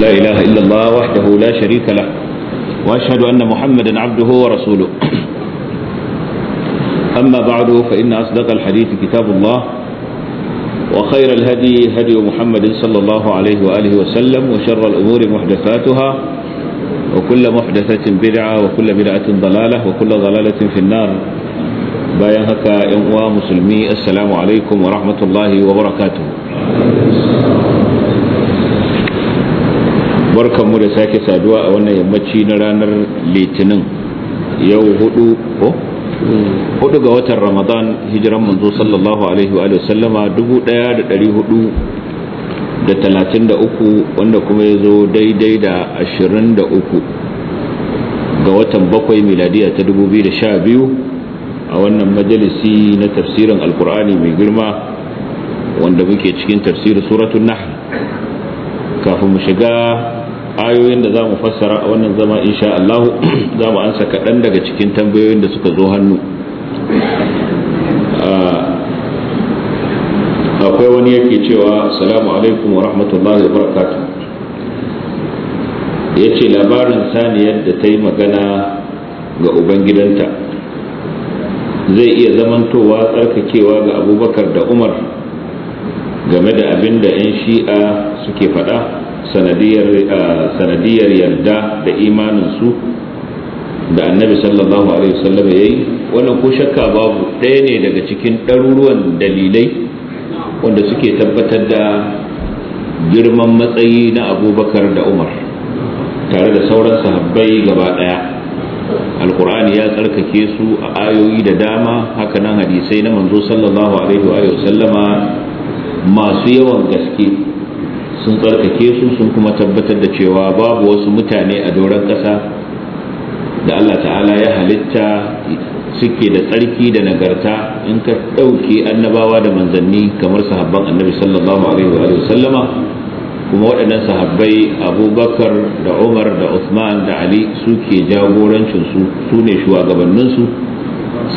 لا إله إلا الله وحده لا شريك له وأشهد أن محمدا عبده ورسوله أما بعد فإن أصدق الحديث كتاب الله وخير الهدي هدي محمد صلى الله عليه وآله وسلم وشر الأمور محدثاتها وكل محدثة بدعة وكل بدعة ضلالة وكل ضلالة في النار بايهك يا yan uwa musulmi assalamu alaikum wa barkanmu da sake saduwa a wannan yammaci na ranar litinin yau hudu ko hudu ga watan ramadan hijiran manzo sallallahu alaihi wa sallama dubu wanda kuma ya zo daidai da ashirin ga watan bakwai miladiya ta dubu biyu a wannan majalisi na tafsirin alkur'ani mai girma wanda muke cikin tafsirin suratun nahl kafin mu shiga ayoyin da za mu fassara a wannan zama insha Allah za mu ansa kaɗan daga cikin tambayoyin da suka zo hannu ah, akwai wani yake cewa salamu alaikum wa rahmatullahi wa barakatuh ya ce labarin saniyar da ta yi magana ga ubangidanta zai iya zamantowa tsarkakewa ga abubakar da umar game da abin da 'yan shi'a suke fada. Eh, sanadiyar yarda da imaninsu da annabi sallallahu alaihi wasallam ya yi wannan ko shakka babu ɗaya ne daga cikin ɗaruruwan dalilai wanda suke tabbatar da girman matsayi na abubakar da umar tare da sauran sahabbai gaba ɗaya alkur'ani ya tsarkake su a ayoyi da dama hakanan hadisai na manzo sallallahu alaihi wasallama masu yawan gaske sun tsarkake su sun kuma tabbatar da cewa babu wasu mutane a doron ƙasa da Allah ta'ala ya halitta suke da tsarki da nagarta in ka ɗauke annabawa da manzanni kamar sahabban annabi sallallahu alaihi wa sallama kuma waɗannan sahabbai abubakar da umar da usman da ali suke jagorancinsu su ne shugabanninsu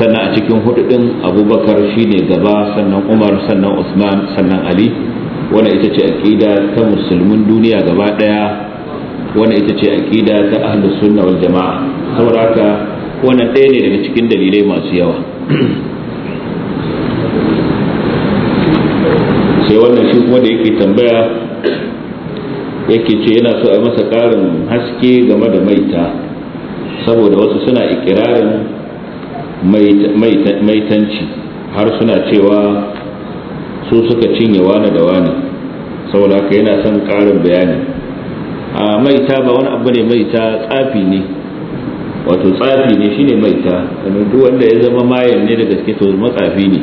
sannan a cikin hudu ɗin abubakar shine gaba sannan umar sannan usman sannan ali wanda ita ce aqida ta musulmin duniya gaba daya wanda ita ce aqida ta ahlus sunna wal jamaa saboda haka wannan ɗaya ne daga cikin dalilai masu yawa sai wannan shi kuma da yake tambaya yake ce yana so a masa ƙarin haske game da maita saboda wasu suna ikirarin maitanci har suna cewa su suka cinye wani da wani saboda haka yana son ƙarin bayani a maita ba wani abu ne maita tsafi ne wato tsafi ne shine maita domin duk wanda ya zama mayan ne da gaske to matsafi ne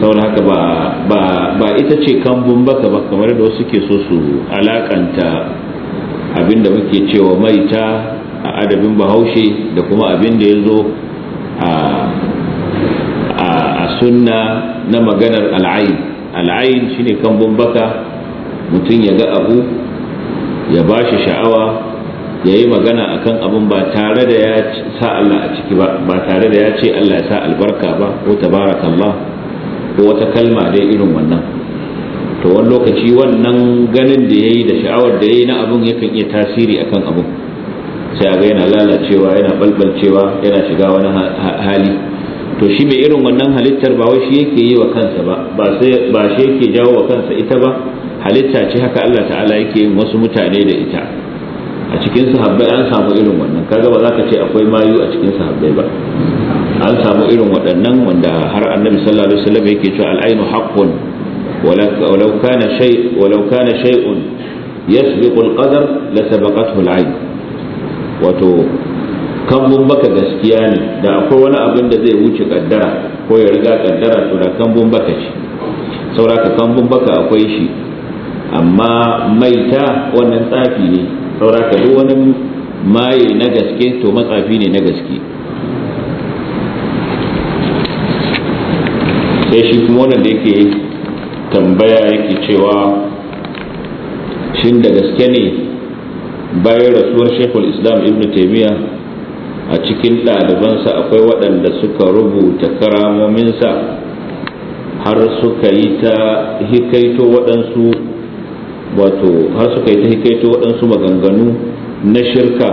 saboda haka ba ba ita ce kambun baka ba kamar da wasu ke so su alakanta abin da muke cewa maita a adabin bahaushe da kuma abin da ya zo a sunna na maganar al'ain al'ain shine kan baka mutum ya ga abu ya ba shi sha'awa ya yi magana a kan abin ba tare da ya sa Allah a ciki ba ba tare da ya ce Allah ya sa albarka ba ko tabarakallah ko wata kalma dai irin wannan to wani lokaci wannan ganin da ya yi da sha'awar da ya yi na abin yakan iya tasiri akan abin sai a ga yana lalacewa yana balbalcewa yana shiga wani hali to shi mai irin wannan halittar ba wai shi yake yi wa kansa ba ba shi yake jawo wa kansa ita ba halitta ce haka Allah ta'ala yake yin wasu mutane da ita a cikin sahabbai an samu irin wannan kaga ba za ka ce akwai mayu a cikin sahabbai ba an samu irin waɗannan wanda har annabi sallallahu alaihi wasallam yake cewa al-ainu haqqun walau kana shay walau kana shay'un yasbiqu al-qadar la al-ain wato kan mun baka gaskiya ne da akwai wani abin da zai wuce kaddara ko ya riga kaddara to da kan mun baka ce sauraka kan mun baka akwai shi amma maita wannan tsafi ne sauraka duk wani maye na gaske to matsafi ne na gaske sai shi kuma wannan da yake tambaya yake cewa shin da gaske ne bayan rasuwar shekul islam ibn taimiyya a cikin ɗalibansa akwai waɗanda suka rubuta karamominsa har suka yi ta hikaito waɗansu wato har suka yi ta hikaito waɗansu maganganu na shirka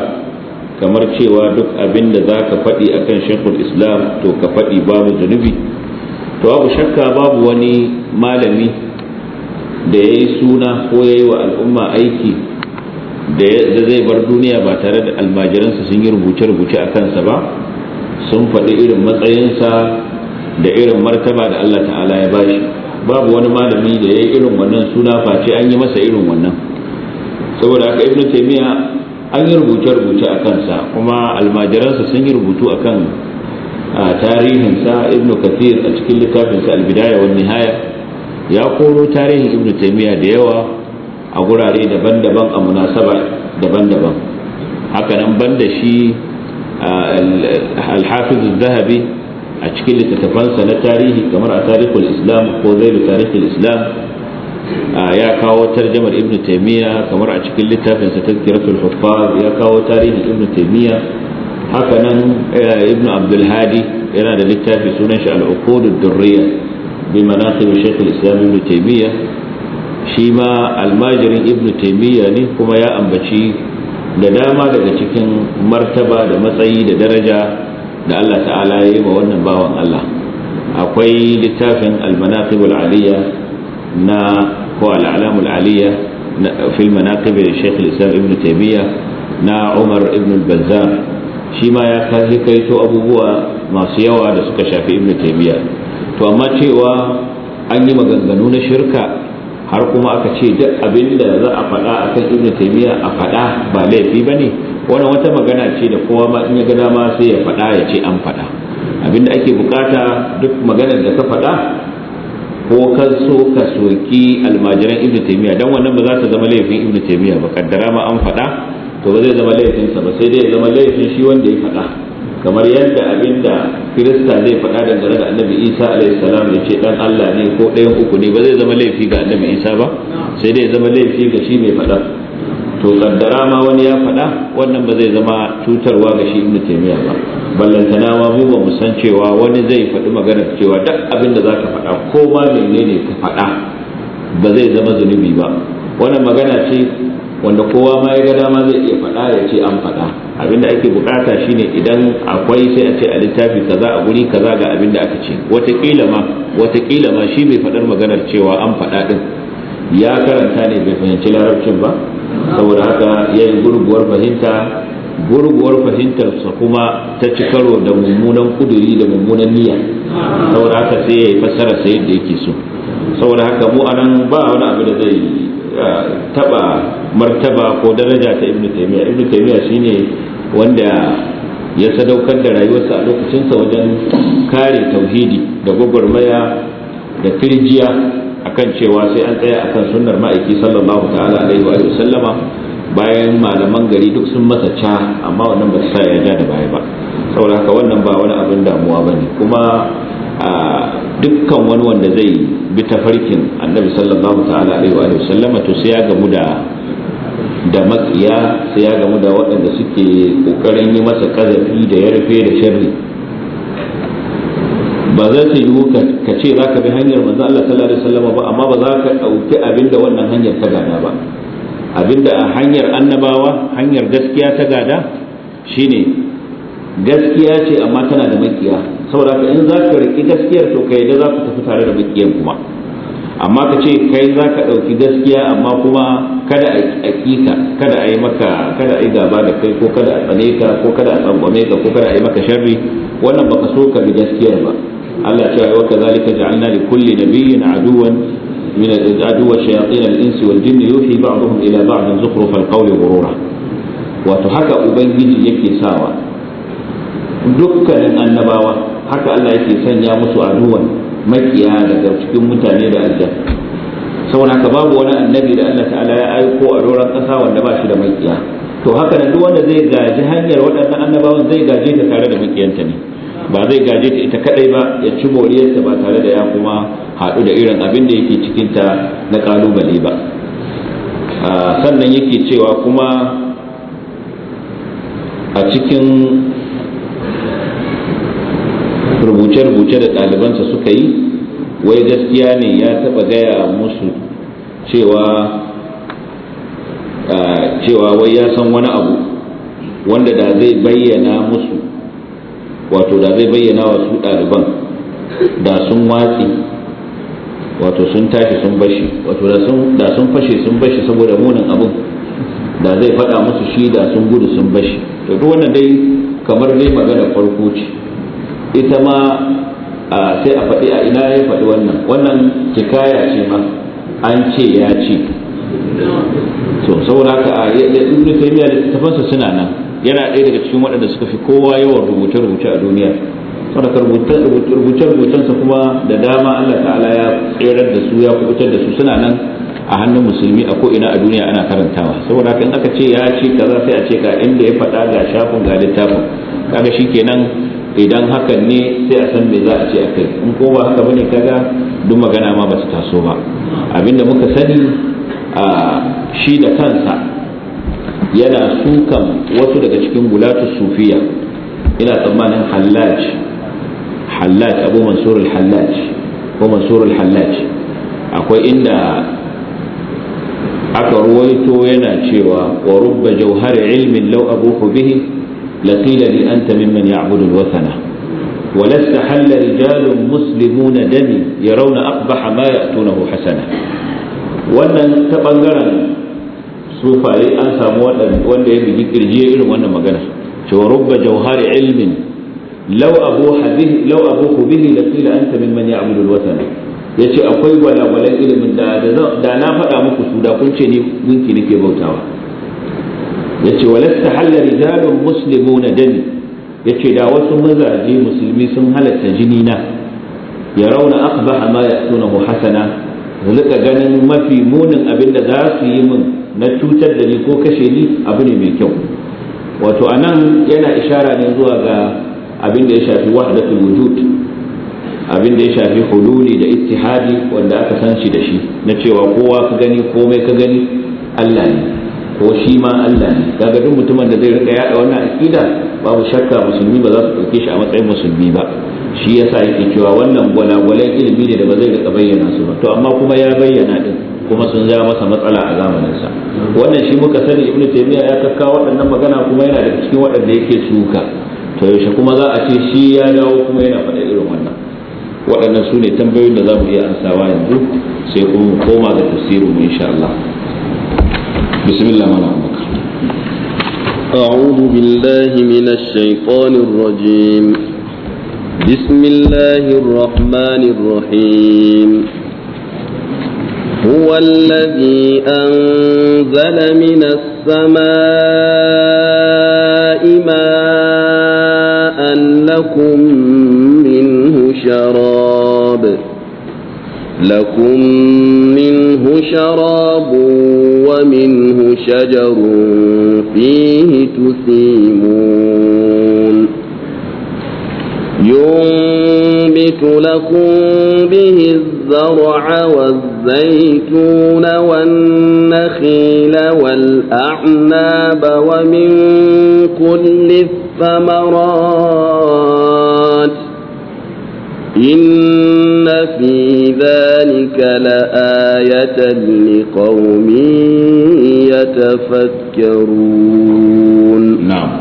kamar cewa duk abin da za ka faɗi a kan islam to ka faɗi babu zunubi to abu shakka babu wani malami da ya yi suna ko ya yi wa al'umma aiki da zai bar duniya ba tare da almajiransa sun yi rubuce-rubuce a kansa ba sun faɗi irin matsayinsa da irin martaba da Allah ta'ala ya bashi babu wani malami da ya yi irin wannan suna face an yi masa irin wannan saboda aka ibn taymiya an yi rubuce-rubuce a kansa kuma almajiransa sun yi rubutu a kan tarihinsa ibnu kathir a cikin littafinsa albidaya wani nihaya ya koro tarihin ibn taimiyya da yawa a gurare daban-daban a munasaba daban-daban hakanan banda shi al zahabi a cikin littattafansa na tarihi kamar a tarihul islam ko zailu tarihul islam ya kawo tarjamar ibn taimiyya kamar a cikin littafinsa tazkiratul huffaz ya kawo tarihin ibn taimiyya hakanan ibn abdulhadi yana da littafi sunan shi al-uqud ad-durriya bi manaqib shaykh islam ibn taimiyya. shi ma almajirin ibn taimiyya ne kuma ya ambaci da dama daga cikin martaba da matsayi da daraja da Allah ta'ala ya yi wa wannan bawan Allah akwai littafin almanaqibul aliyya na ko al'alamul na fil manaqib da Sheikh Islam Ibn Taimiyya na Umar Ibn al-Bazzar shi ma ya kai kaito abubuwa masu yawa da suka shafi Ibn Taimiyya to amma cewa an yi maganganu na shirka har kuma aka ce duk abin da za a faɗa a kan ibn taymiya a faɗa ba laifi ba ne wannan wata magana ce da kowa ma in ya ga dama sai ya faɗa ya ce an faɗa abin da ake bukata duk maganar da ka faɗa ko ka so ka soki almajiran ibn taymiya dan wannan ba za ta zama laifin ibn taymiya ba kaddara ma an faɗa to ba zai zama laifinsa ba sai dai ya zama laifin shi wanda ya faɗa kamar yadda abinda kirista zai faɗa dangane da annabi isa alaihissalam ya ce dan allah ne ko ɗayan uku ne ba zai zama laifi ga annabi isa ba sai dai zama laifi ga shi mai faɗa to kaddara ma wani ya faɗa wannan ba zai zama cutarwa ga shi ibnu taymiya ba ballantana ma mu ba mu san cewa wani zai faɗi magana cewa duk abin da zaka faɗa ko ma menene ka faɗa ba zai zama zunubi ba wannan magana ce wanda kowa ma ya ga dama zai iya faɗa ya ce an faɗa abin da ake bukata shine idan akwai sai a ce a littafi kaza a guri kaza ga abinda aka ce watakila ma ma shi bai faɗar maganar cewa an faɗa ɗin, ya karanta ne bai fahimci larabcin ba saboda haka ya yi gurguwar fahimta gurguwar fahimtarsa kuma ta ci karo da mummunan kuduri da mummunan niyya saboda haka sai ya yi fassara sai yadda yake so saboda haka mu anan ba wani abu da zai taba martaba ko daraja ta ibnu taymiya ibnu taymiya shine wanda ya sadaukar da rayuwarsa a lokacinsa wajen kare tauhidi da gwagwarmaya da firjiya akan cewa sai an tsaya akan sunnar ma'aiki sallallahu ta'ala alaihi wa sallama bayan malaman gari duk sun masa ca amma wannan ba sa ya ja da baya ba saboda haka wannan ba wani abin damuwa bane kuma dukkan wani wanda zai bitafarkin annabi sallallahu ta'ala alaihi wa sallama to sai ya gamu da da makiya sai ya gamu da waɗanda suke kokarin yi masa kazafi da ya rufe da sharri ba za ta yiwu ka ce za ka bi hanyar manzo Allah sallallahu alaihi Sallama ba amma ba za ka ɗauki abinda wannan hanyar ta gada ba abinda hanyar annabawa hanyar gaskiya ta gada shine gaskiya ce amma tana da makiya saboda ka in za ka riƙi gaskiyar to kai da za ku tafi tare da makiyan kuma amma ka ce kai za ka ɗauki gaskiya amma kuma kada a ƙika kada a yi maka kada a yi gaba da kai ko kada a tsane ka ko kada a tsangwame ka ko kada a yi maka sharri wannan baka so ka bi gaskiyar ba Allah ya ce wa kadhalika ja'alna li kulli nabiyyin aduwan من العدو شياطين الإنس والجن يوحي بعضهم إلى بعض زخرف القول wato haka ubangiji yake sawa dukkanin annabawa. haka Allah yake sanya musu aduwan makiya daga cikin mutane da aljan saboda haka babu wani annabi da Allah ta'ala ya aiko a doron ƙasa wanda ba shi da makiya to haka nan duk wanda zai gaji hanyar waɗannan annabawan zai gaje ta tare da makiyanta ne ba zai gaje ta ita kadai ba ya ci moriyarta ba tare da ya kuma haɗu da irin abin da yake cikinta na ƙalubale ba ah, sannan yake cewa kuma a cikin rubuce-rubuce da ɗalibansa suka yi wai gaskiya ne ya taɓa gaya musu cewa cewa wai ya san wani abu wanda da zai bayyana musu wato da zai bayyana wa su ɗaliban da sun watsi wato sun tashi sun bashi wato da sun fashe sun bashi saboda munin abin da zai faɗa musu shi da sun gudu sun bashi to duk wannan dai kamar dai magana farko ce ita ma sai a faɗi a ina ya faɗi wannan wannan kikaya ce ma an ce ya ce to saboda haka ibn taymiya suna nan yana ɗaya daga cikin waɗanda suka fi kowa yawan rubuce-rubuce a duniya saboda rubuce-rubucensa kuma da dama Allah ta'ala ya tserar da su ya kubutar da su suna nan a hannun musulmi a ko'ina a duniya ana karantawa saboda haka in aka ce ya ce kaza sai a ce ga inda ya faɗa ga shafin ga littafin kaga shikenan idan hakan ne sai a san me za a ce a kai in ko ba haka bane kaga duk magana ma ba su taso ba abinda muka sani shi da kansa yana sukan wasu daga cikin bulatu sufiya ina tsammanin hallaj hallaj abu mansur al-hallaj ko mansur al-hallaj akwai inda aka ruwaito yana cewa wa rubba jauhar ilmin law abuhu bihi لقيل لي أنت ممن يعبد الوثنة ولست حل رجال مسلمون دمي يرون أقبح ما يأتونه حسنة wannan ta ɓangaren sufaye an samu wanda ya bigi kirji irin wannan magana cewa rubba jauhari ilmin law abu hadith law abu bihi la qila anta mimman ya'budu al-watana yace akwai gwalagwalan ilimin da da na faɗa muku su da kun ce ni gunki nake bautawa yace walasta halla rijalun na dani yace da wasu mazaje musulmi sun halatta jini na ya rauna aqbaha ma mu hasana rika ganin mafi munin abinda da za su yi min na cutar da ni ko kashe ni abu ne mai kyau wato anan yana ishara ne zuwa ga abin ya shafi wahdatul wujud abinda ya shafi hululi da ittihadi wanda aka san shi da shi na cewa kowa ka gani komai ka gani Allah ne ko shi ma Allah ne daga duk mutumin da zai rika yada wannan akida babu shakka musulmi ba za su dauke shi a matsayin musulmi ba shi yasa yake cewa wannan gwalagwalan ilimi ne da ba zai rika bayyana su ba to amma kuma ya bayyana din kuma sun ja masa matsala a zamanin sa wannan shi muka sani ibn taymiya ya kakkawa waɗannan magana kuma yana da cikin waɗanda yake suka to yaushe kuma za a ce shi ya dawo kuma yana faɗa irin wannan waɗannan su ne tambayoyin da za mu iya ansawa yanzu sai kuma koma ga tafsirin mu insha Allah بسم الله الرحمن الرحيم أعوذ بالله من الشيطان الرجيم بسم الله الرحمن الرحيم هو الذي أنزل من السماء ماء لكم منه شراب لكم منه شراب ومنه شجر فيه تسيمون ينبت لكم به الزرع والزيتون والنخيل والأعناب ومن كل الثمرات إن في ذلك لآية لقوم يتفكرون نعم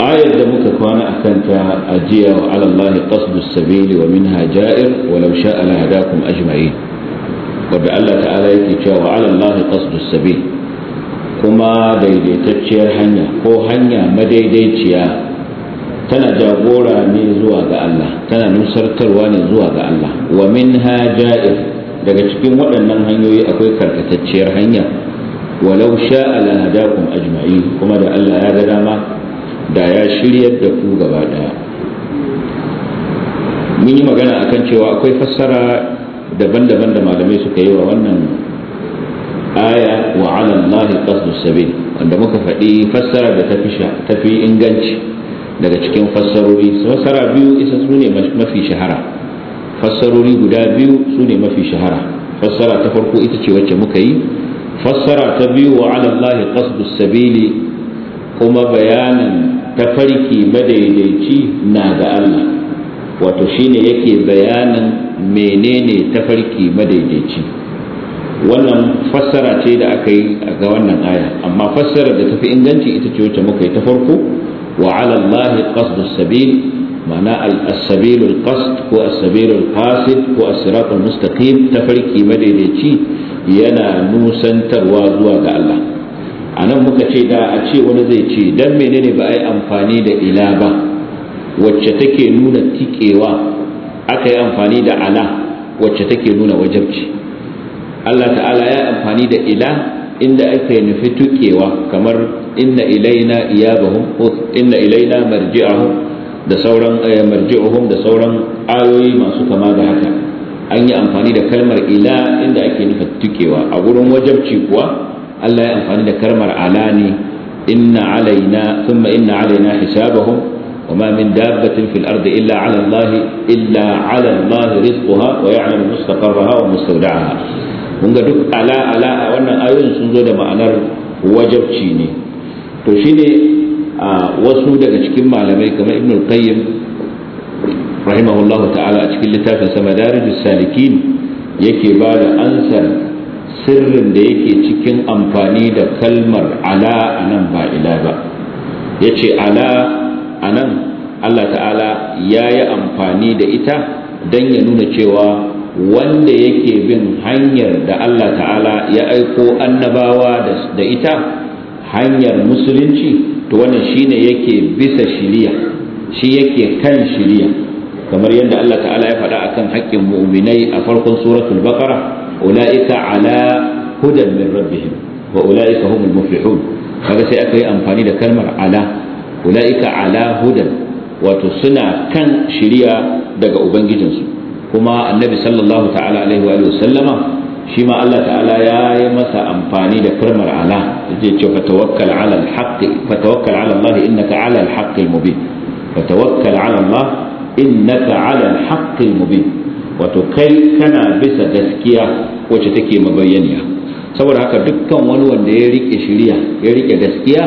آية دمك كان أكنت أجيء على الله قصد السبيل ومنها جائر ولو شاء لهداكم أجمعين وبألا تعالى يكيشا وعلى الله قصد السبيل كما ديدي تتشير حنيا هو حنيا ما ديدي تشير tana jagora ne zuwa ga Allah tana nusartarwa ne zuwa ga Allah wa minha ja'ir daga cikin waɗannan hanyoyi akwai karkatacciyar hanya walau sha'a la hadakum ajma'in kuma da Allah ya ga dama da ya shiryar da ku gaba daya mun yi magana akan cewa akwai fassara daban-daban da malamai suka yi wa wannan aya wa ala Allah qasdus sabil wanda muka faɗi fassara da fi inganci daga cikin fassarori fassara biyu isa su ne mafi shahara fassarori guda biyu su ne mafi shahara fassara ta farko ita ce wacce muka yi fassara ta biyu wa ala Allah sabili kuma bayanin tafarki madaidaici na ga Allah wato shine yake bayanin menene tafarki madaidaici wannan fassara ce da aka yi ga wannan aya amma fassara da tafi inganci ita ce wacce muka yi ta farko Wa وعلى الله قصد السبيل معناه السبيل القصد هو السبيل القاصد هو الصراط المستقيم تفرقي مديديتي yana nusantarwa zuwa ga Allah a nan muka ce da a ce wani zai ce don menene ba a yi amfani da ila ba wacce take nuna tikewa aka yi amfani da ala wacce take nuna wajabci Allah ta'ala ya yi amfani da ila inda ake nufi tukewa kamar inna ilaina iyabahum inna ilaina marji'ahum da sauran eh, marji'uhum da sauran ayoyi masu kama da haka an yi amfani da kalmar ila inda ake nufi tukewa a gurin wajabci kuwa Allah ya amfani da kalmar ala ne inna alaina thumma inna alaina hisabahum وما من دابة في الأرض إلا على الله إلا على الله رزقها ويعلم wa ومستودعها mun ga duk ala ala a wannan ayoyin sun zo da ma'anar wajabci ne to shine a wasu daga cikin malamai kamar ibn qayyim rahimahullahu ta'ala a cikin littafin sa madarijus salikin yake ba da ansar sirrin da yake cikin amfani da kalmar ala anan ba ila ba yace ala anan Allah ta'ala ya yi amfani da ita don ya nuna cewa wanda yake bin hanyar da Allah ta'ala ya aiko annabawa da ita hanyar musulunci to wannan shine yake bisa shiriya shi yake kan shiriya kamar yadda Allah ta'ala ya faɗa akan haƙƙin mu'minai a farkon suratul baqara ulaika ala hudan min rabbihim wa ulaika humul muflihun kaga sai aka yi amfani da kalmar ala ulaika ala hudan wato suna kan shiriya daga ubangijinsu kuma annabi sallallahu ta'ala alaihi wa sallama shi ma Allah ta'ala ya yi masa amfani da firmar ala yace ce fa tawakkal ala al-haqq fa tawakkal ala Allah innaka ala al-haqq al-mubin fa tawakkal ala Allah innaka ala al-haqq al-mubin wato kai kana bisa gaskiya wacce take mabayyaniya saboda haka dukkan wani wanda ya rike shiriya ya rike gaskiya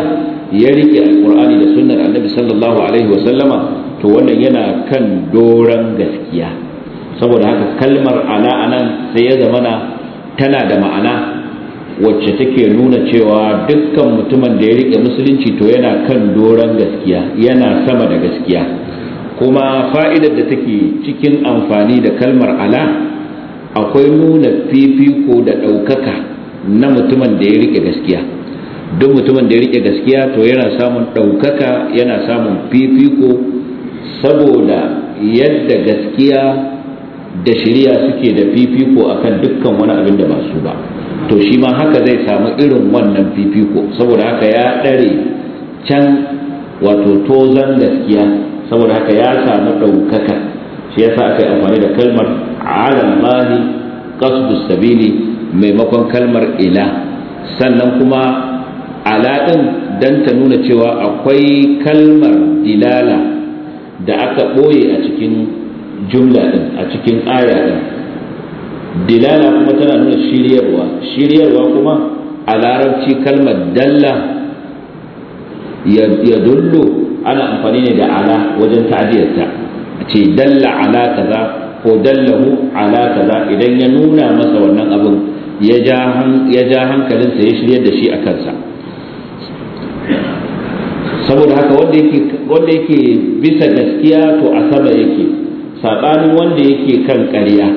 ya rike alqur'ani da sunnar annabi sallallahu alaihi wa sallama to wannan yana kan doran gaskiya saboda haka kalmar ala anan sai ya zamana tana da ma'ana wacce take nuna cewa dukkan mutumin da ya rike musulunci to yana kan doron gaskiya yana sama da gaskiya kuma fa'idar da take cikin amfani da kalmar ala akwai nuna fifiko da ɗaukaka na mutumin da ya rike gaskiya duk mutumin da ya rike gaskiya to yana samun ɗaukaka yana samun fifiko saboda yadda gaskiya da shirya suke da fifiko akan dukkan wani abin da ba su ba to shi ma haka zai samu irin wannan fifiko saboda haka ya ɗare can wato tozan gaskiya saboda haka ya samu ɗaukaka shi yasa aka yi amfani da kalmar alamahi kasdu sabili maimakon kalmar ila sannan kuma alaɗin dan ta nuna cewa akwai kalmar dilala da aka ɓoye a cikin jumla din a cikin aya din dilala kuma tana nuna shiryarwa shiryarwa kuma a larabci kalmar dalla ya dullo ana amfani ne da ala wajen ta'adiyarta a ce dalla ala kaza ko dallahu ala kaza idan ya nuna masa wannan abin ya ja hankalinsa ya shiryar da shi a kansa saboda haka wanda yake bisa gaskiya to a sama yake saɓanin wanda yake kan ƙarya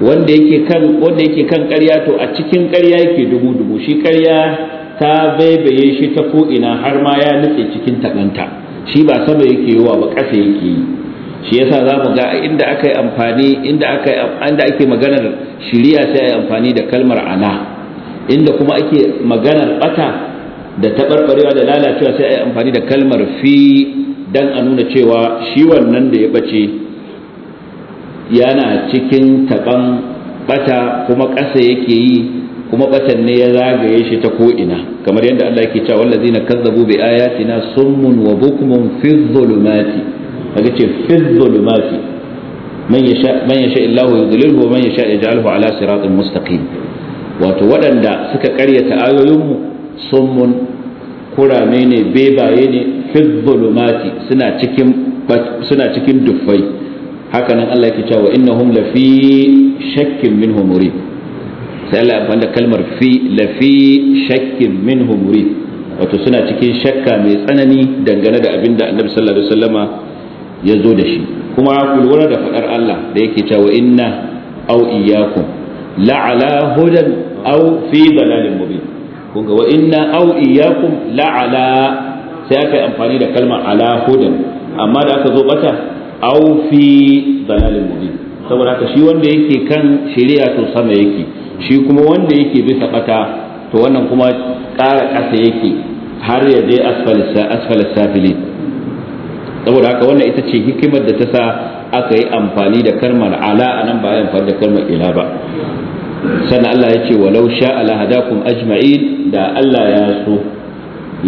wanda yake kan wanda yake kan ƙarya to a cikin ƙarya yake dubu dubu shi ƙarya ta baibaye shi ta ko ina har ma ya nutse cikin taɓanta shi ba sama yake wa ba ƙasa yake yi shi yasa za mu ga inda aka yi amfani inda aka inda ake maganar shiriya sai a yi amfani da kalmar ana inda kuma ake maganar ɓata da taɓarɓarewa da lalacewa sai a yi amfani da kalmar fi dan a nuna cewa shi wannan da ya ɓace yana cikin taban bata kuma ƙasa yake yi kuma batan ne ya zagaye shi ta ko'ina kamar yadda Allah yake cewa wallazina kazzabu bi ayatina summun wa bukmun fi dhulumati kaga ce fi dhulumati man yasha man yasha illahu yudlilhu wa man yasha yaj'alhu ala siratin mustaqim wato waɗanda suka ƙaryata ayoyinmu summun kurame ne bebaye ne fi dhulumati suna cikin suna cikin duffai haka nan Allah yake cewa innahum fi shakkin minhu murib sai Allah amfani da kalmar fi lafi shakkin minhu murib wato suna cikin shakka mai tsanani dangane da abinda Annabi sallallahu alaihi wasallama ya zo da shi kuma ku da fadar Allah da yake cewa inna aw iyyakum la'ala hudan aw fi dalalin mubin kun ga wa inna aw iyyakum la'ala sai aka amfani da kalmar ala hudan amma da aka zo bata Aufi fi dalalin mubin saboda haka shi wanda yake kan shari'a to sama yake shi kuma wanda yake bisa bata to wannan kuma ƙara ƙasa yake har ya je asfal safili saboda haka wannan ita ce hikimar da ta sa aka yi amfani da karmar ala a nan ba a amfani da karmar ila ba sannan Allah ya ce walau sha ala hadakum ajma'in da Allah ya so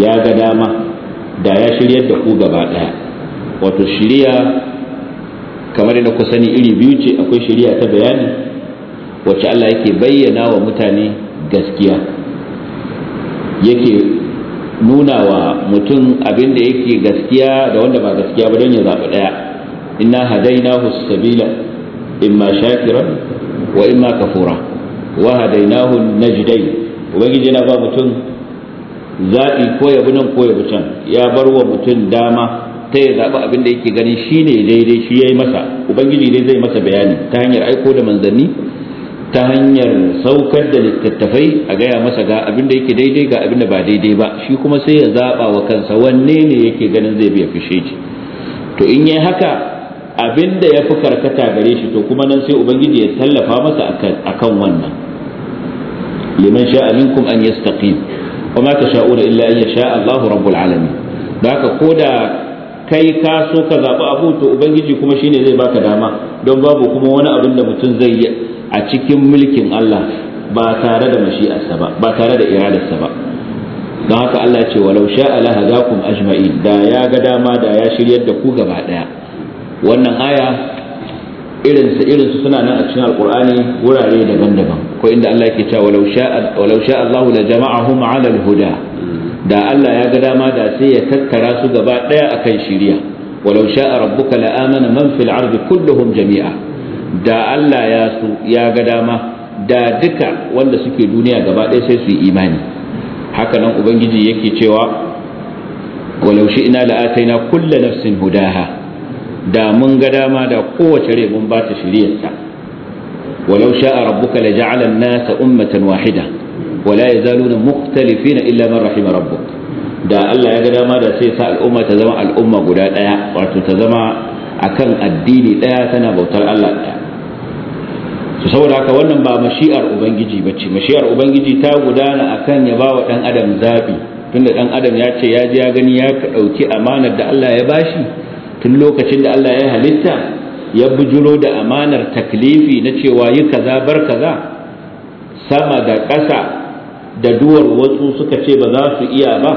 ya ga dama da ya shiryar da ku gaba daya wato shirya kamar yadda ku sani iri biyu ce akwai shari'a ta bayani wacce Allah yake bayyana wa mutane gaskiya yake nuna wa mutum abin da yake gaskiya da wanda ba gaskiya ba don ya zaɓi ɗaya inna hadainahu sabila imma shakira wa imma kafura wa hadainahu najdai ubangiji na ba mutum zaɓi ko ya bi nan ko ya bi can ya bar wa mutum dama ta ya zaɓi abin da yake ganin shi ne daidai shi ya yi masa ubangiji dai zai masa bayani ta hanyar aiko da manzanni ta hanyar saukar da littattafai a gaya masa ga abin da yake daidai ga abin da ba daidai ba shi kuma sai ya zaɓa wa kansa wanne ne yake ganin zai biya fishe shi to in yi haka abin da ya fi karkata gare shi to kuma nan sai ubangiji ya tallafa masa akan wannan liman sha'a minkum an yastaqim wa ma tasha'una illa an yasha Allahu rabbul alamin da koda kai ka so ka zaɓi abu to ubangiji kuma shine zai baka dama don babu kuma wani abin da mutum zai yi a cikin mulkin Allah ba tare da mashi'arsa ba ba tare da iradarsa ba don haka Allah ce walau sha'a la hadakum ajma'in da ya ga dama da ya shiryar da ku gaba daya wannan aya irinsa irinsu suna nan a cikin alqur'ani wurare daban-daban ko inda Allah yake cewa walau sha'a walau sha'a Allahu la jama'ahum 'ala al-huda da Allah ya ga dama da sai ya tattara su gaba ɗaya akan shiriya walau sha'a rabbuka la man fil ardi kulluhum jami'a da Allah ya su ya ga dama da duka wanda suke duniya gaba sai su yi imani haka nan ubangiji yake cewa walau ina la kulle kullu nafsin hudaha da mun ga dama da kowace rai mun ba ta shiriyarta walau sha'a rabbuka la nasa ummatan wahida wala yazaluna mukhtalifina illa man rahima rabbuk da Allah ya ga dama da sai sa al'umma ta zama al'umma guda daya wato ta zama akan addini ɗaya tana bautar Allah saboda haka wannan ba mashi'ar ubangiji ba ce mashi'ar ubangiji ta gudana akan ya bawa ɗan adam zabi tunda ɗan adam ya ce ya ji ya gani ya ɗauki amanar da Allah ya bashi tun lokacin da Allah ya halitta ya bujuro da amanar taklifi na cewa yi kaza bar kaza sama da ƙasa da duwar wasu suka ce ba za su iya ba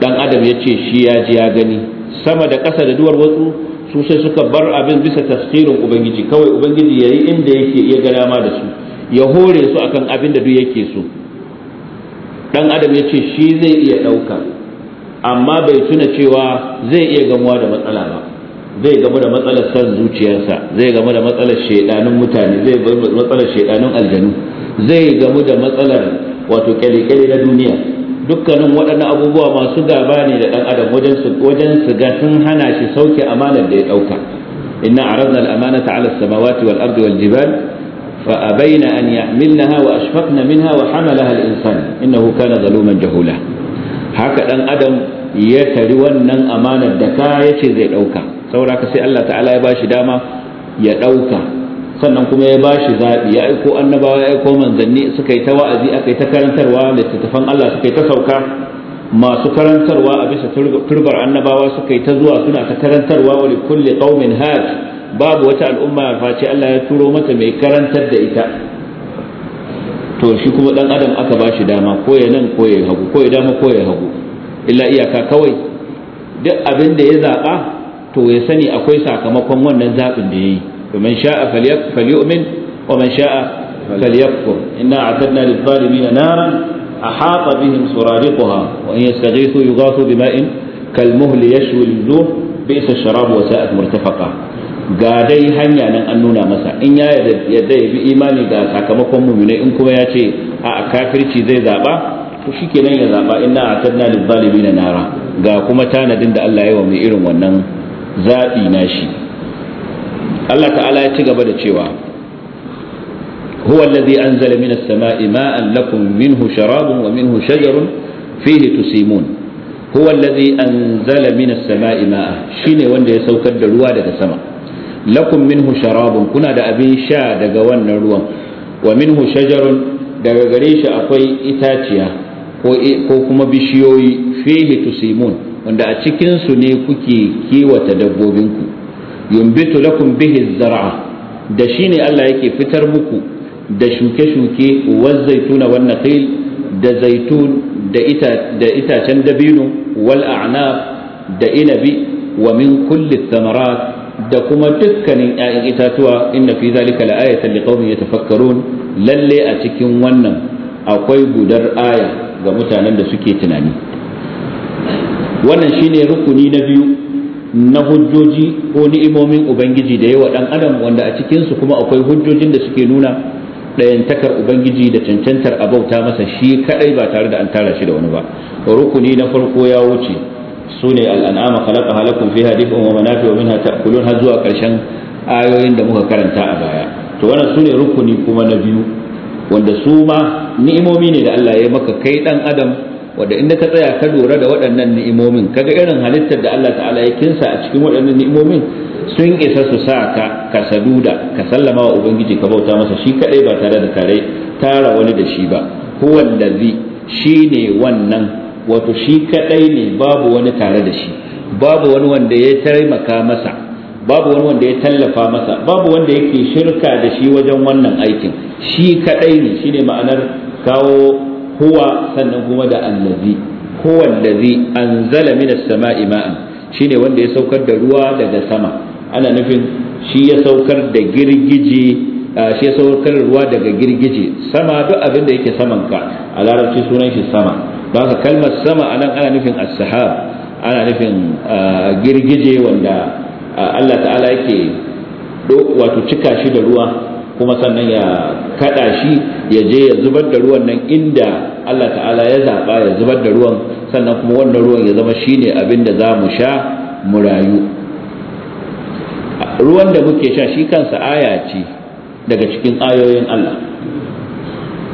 dan adam ya ce shi ya ji ya gani sama da ƙasa da duwar wasu su sai suka bar abin bisa tasirin ubangiji kawai ubangiji ya yi inda yake iya ga dama da su ya hore su akan abin da duk yake so dan adam ya ce shi zai iya ɗauka amma bai tuna cewa zai iya gamuwa da matsala ba zai gamu da matsalar san zuciyarsa zai gamu da matsalar shaidanun mutane zai gamu da matsalar shaidanun aljanu zai gamu da matsalar wato kyale na duniya dukkanin waɗannan abubuwa masu gaba ne da ɗan adam wajen su wajen su ga sun hana shi sauke amanar da ya ɗauka inna aradna al-amanata ala as-samawati wal ardi wal jibal fa abaina an ya'milnaha wa ashfaqna minha wa hamalaha al-insan innahu kana zaluman jahula haka ɗan adam ya tari wannan amanar da ka yace zai ɗauka saboda sai Allah ta'ala ya bashi dama ya ɗauka sannan kuma ya ba shi zaɓi ya aiko annabawa ya aiko manzanni suka yi ta wa'azi aka yi ta karantarwa littattafan Allah suka yi ta sauka masu karantarwa a bisa turbar annabawa suka yi ta zuwa suna ta karantarwa wa kulli qaumin had babu wata al'umma face Allah ya turo mata mai karantar da ita to shi kuma dan adam aka ba shi dama ko ya nan ko ya hagu ko ya dama ko ya hagu illa iyaka kawai duk abin da ya zaɓa to ya sani akwai sakamakon wannan zaɓin da ya yi فمن شاء فليؤمن ومن شاء فليكفر إنا أعتدنا للظالمين نارا أحاط بهم سرادقها وإن يستغيثوا يغاثوا بماء كالمهل يشوي الوجوه بئس الشراب وساءت مرتفقة قادي هنيا أن أنونا مسا إن يدي بإيماني دا ساكمكم مؤمنين إنكم ياتي أكافر تشيزي ذابا وشيكي نين ذابا إنا أعتدنا للظالمين نارا قاكم تانا دند الله يومي إرم ونن ذاتي ناشي Allah ta'ala ya ci gaba da cewa huwa allazi anzala minas sama'i ma'an lakum minhu sharabun wa minhu shajarun fihi tusimun huwa allazi anzala minas sama'i ma'a shine wanda ya saukar da ruwa daga sama lakum minhu sharabun kuna da abin sha daga wannan ruwan wa minhu shajarun daga gare shi akwai itaciya ko kuma bishiyoyi fihi wanda a cikinsu ne kuke kiwata dabbobinku yumbitu lakum bihi zar'a da shi ne Allah yake fitar muku da shuke-shuke zaituna wan nakhil da zaitun da itacen dabino wal a'nab da inabi wa min kulli thamarat da kuma dukkanin 'ya'yan itatuwa inna fi zalika la'ayatan liqaumin yatafakkarun lalle a cikin wannan akwai gudar aya ga mutanen da suke tunani wannan shine rukuni na biyu na hujjoji ko ni'imomin ubangiji da yawa dan adam wanda a cikinsu kuma akwai hujjojin da suke nuna ɗayantakar ubangiji da cancantar abauta masa shi kadai ba tare da an tara shi da wani ba rukuni na farko ya wuce su ne al'an'ama khalaqa halakum fiha dif'un wa manafi'u minha ta'kulun har zuwa karshen ayoyin da muka karanta a baya to wannan su rukuni kuma na biyu wanda su ma ni'imomi ne da Allah ya maka kai dan adam wanda inda ka tsaya ka lura da waɗannan ni'imomin kaga irin halittar da Allah ta'ala ya kinsa a cikin waɗannan ni'imomin sun isa su sa ka ka saduda ka sallama wa ubangiji ka bauta masa shi kadai ba tare da tare tara wani da shi ba huwa shi shine wannan wato shi kadai ne babu wani tare da shi babu wani wanda ya taimaka masa babu wani wanda ya tallafa masa babu wanda yake shirka da shi wajen wannan aikin shi kaɗai ne shine ma'anar kawo huwa sannan kuma da allazi huwa allazi anzala minas sama'i ma'an shine wanda ya saukar da ruwa daga sama ana nufin shi ya saukar da girgije shi ya saukar ruwa daga girgije sama duk abin da yake saman ka a larabci sunan shi sama don haka kalmar sama anan ana nufin as-sahab ana nufin girgije wanda Allah ta'ala yake wato cika shi da ruwa kuma sannan ya kada shi ya je ya zubar da ruwan nan inda Allah ta'ala ya zaɓa ya zubar da ruwan sannan kuma wannan ruwan ya zama shine abin da za mu sha mu rayu ruwan da muke sha shi kansa aya ce daga cikin ayoyin Allah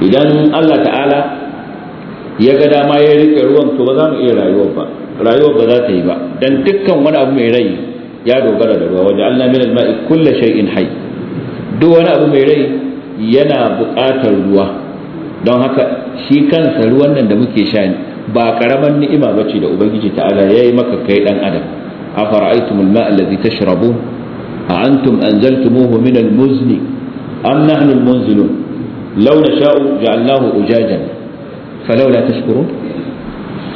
idan Allah ta'ala ya ga dama ya rike ruwan to ba za mu iya rayuwa ba rayuwa ba za ta yi ba dan dukkan wani abu mai rai ya dogara da ruwa wajen Allah min al-ma'i kullu shay'in hayy duk wani abu mai rai yana buƙatar ruwa don haka shi kansa ruwan nan da muke sha ba karaman ni'ima bace da ubangiji ta'ala yayi maka kai dan adam afara'aytum al-ma'a alladhi tashrabun a antum anzaltumuhu min al-muzni am nahnu al-munzilun law nasha'u ja'alnahu ujajan falawla tashkurun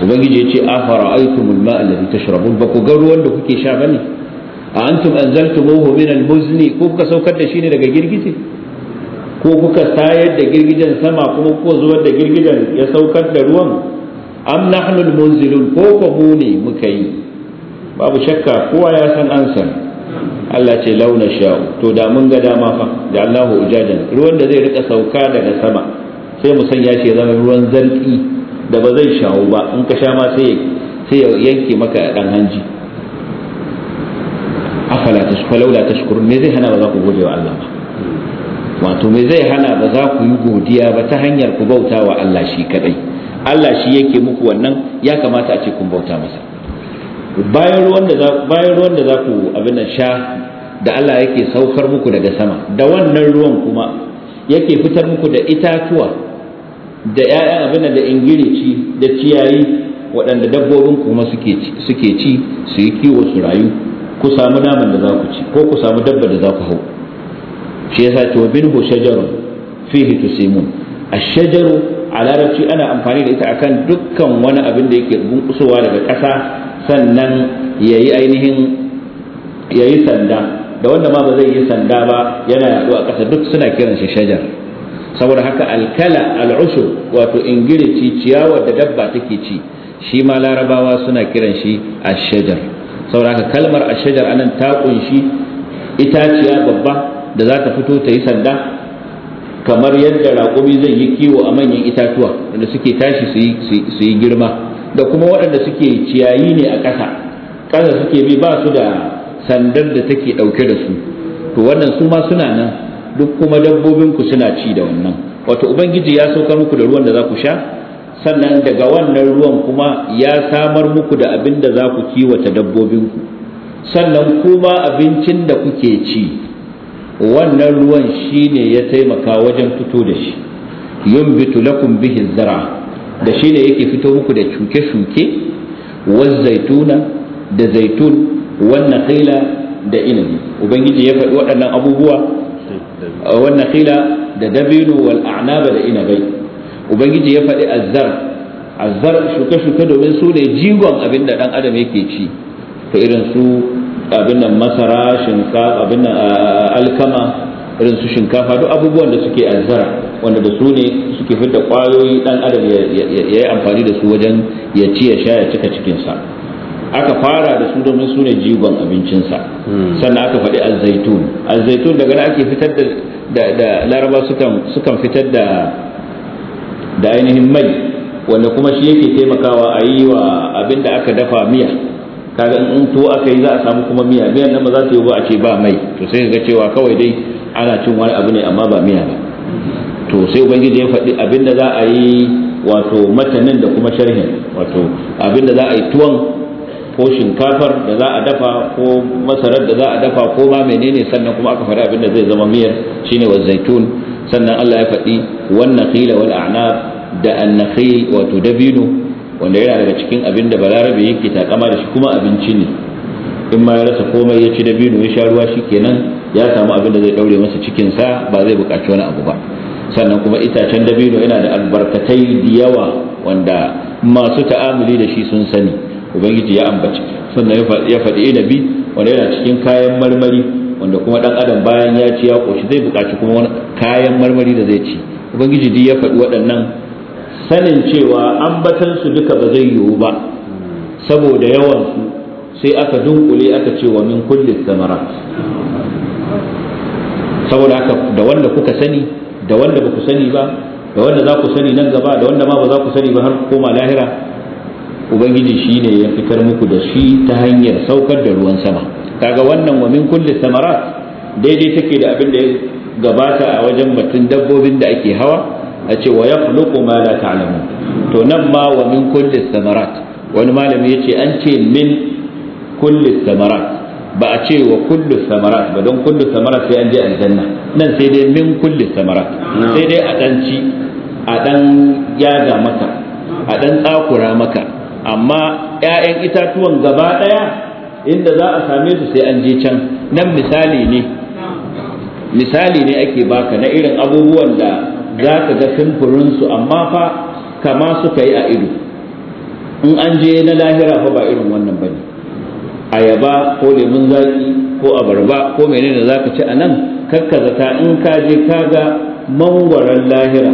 ubangiji yace afara'aytum al-ma'a alladhi tashrabun ba ku ga ruwan da kuke sha bane a antum anzaltumuhu min al ko kuka saukar da shi ne daga girgije ko kuka tayar da girgijen sama kuma ko zubar da girgijen ya saukar da ruwan am nahnu munzilun ko ko mu ne muka yi babu shakka kowa ya san ansan Allah ce launa sha'u to da mun ga dama fa da Allahu ujajan ruwan da zai rika sauka daga sama sai mu sanya shi zama ruwan zarki da ba zai shawo ba in ka sha ma sai sai ya yanke maka dan hanji afala tashkurun me zai hana ba za ku gode wa Allah ba wato me zai hana ba za ku yi godiya ba ta hanyar ku bauta wa Allah shi kadai Allah shi yake muku wannan ya kamata a ce kun bauta masa bayan ruwan da za bayan ruwan da za ku abin nan sha da Allah yake saukar muku daga sama da wannan ruwan kuma yake fitar muku da itatuwa da ƴaƴan abin da ci da ciyayi waɗanda dabbobin kuma suke ci suke ci su yi kiwo su rayu ku samu naman da za ku ci ko ku samu dabba da za ku hau shi yasa to minhu shajarun fihi tusimun ash a larabci ana amfani da ita akan dukkan wani abin da yake bunkusowa daga ƙasa sannan yayi ainihin yayi sanda da wanda ma ba zai yi sanda ba yana yaɗo a ƙasa duk suna kiran shi shajar saboda haka alkala al'usu wato ingilici ciyawar da dabba take ci shi ma larabawa suna kiran shi ash-shajar saboda haka kalmar ash-shajar anan ta kunshi itaciya babba da za ta fito ta yi sanda kamar yadda raƙumi zai yi kiwo a manyan itatuwa da suke tashi su yi girma da kuma waɗanda suke ciyayi ne a ƙasa ƙasa suke bi ba su da sandar da take ɗauke da su to wannan su ma suna nan duk kuma dabbobin ku suna ci da wannan wato ubangiji ya saukar muku da ruwan da za ku sha sannan daga wannan ruwan kuma ya samar muku da abin da za ku kiwata dabbobinku sannan kuma abincin da kuke ci wannan ruwan shine ya taimaka wajen fito da shi yumbitu lakum bihi zara da shi ne yake fito muku da shuke-shuke waz zaituna da zaitun wannan khila da inabi ubangiji ya faɗi waɗannan abubuwa wannan khila da dabino wal a'naba da inabai ubangiji ya faɗi azzar azzar shuke-shuke domin su ne jigon abin da ɗan adam yake ci ta irin su abin nan masara shinkafa abin nan alkama irin su shinkafa duk abubuwan da suke azara wanda da su ne suke fitar kwayoyi dan adam ya yi amfani da su wajen ya ci ya sha ya cika cikinsa aka fara da su domin su ne jigon abincinsa hmm. sannan aka faɗi azzaitun zaitun daga nan ake fitar da da laraba sukan fitar da da ainihin mai wanda kuma shi yake taimakawa a yi wa abin da aka dafa miya kaga in tuwo aka yi za a samu kuma miya miyan nan ba za ta yi ba a ce ba mai to sai ga cewa kawai dai ana cin wani abu ne amma ba miya ba to sai ubangiji ya faɗi abinda za a yi wato matanin da kuma sharhin wato abinda za a yi tuwon ko shinkafar da za a dafa ko masarar da za a dafa ko ma menene sannan kuma aka faɗi abinda zai zama miyar shine wa zaitun sannan Allah ya faɗi wannan khila wal a'nab da annakhil wato dabino wanda yana daga cikin abin da balarabe yake takama da shi kuma abinci ne in ma ya rasa komai ya ci dabino ya sha ruwa shi kenan ya samu abin da zai daure masa cikinsa ba zai buƙaci wani abu ba sannan kuma itacen dabino yana da albarkatai da yawa wanda masu ta'amuli da shi sun sani ubangiji ya ambaci sannan ya faɗi bi wanda yana cikin kayan marmari wanda kuma ɗan adam bayan ya ci ya ƙoshi zai buƙaci kuma kayan marmari da zai ci ubangiji duk ya faɗi waɗannan sanin cewa ambatan su duka ba zai yiwu ba saboda yawan su sai aka dunkule aka ce wa min kulli samarat saboda haka da wanda kuka sani da wanda ba ku sani ba da wanda za ku sani nan gaba da wanda ma ba za ku sani ba har ku koma lahira ubangiji shi ne ya fitar muku da shi ta hanyar saukar da ruwan sama kaga wannan wa min kulli samarat daidai take da abin da ya gabata a wajen batun dabbobin da ake hawa a ce wa yakhluqu ma la ta'lamun to nan ma wa min kulli samarat wani malami yace an ce min kulli samarat ba a ce wa kullu samarat ba don kullu samarat sai an je aljanna nan sai dai min kulli samarat sai dai a dan ci a dan yaga maka a dan tsakura maka amma 'ya'yan itatuwan gaba daya inda za a same su sai an je can nan misali ne misali ne ake baka na irin abubuwan da za ka ga su amma fa kama suka yi a ido in an je na lahira fa ba irin wannan ba ne ayaba ko lemun zaki ko abarba ko menene za ka ci a nan kakkazata in ka je ka ga mangwaron lahira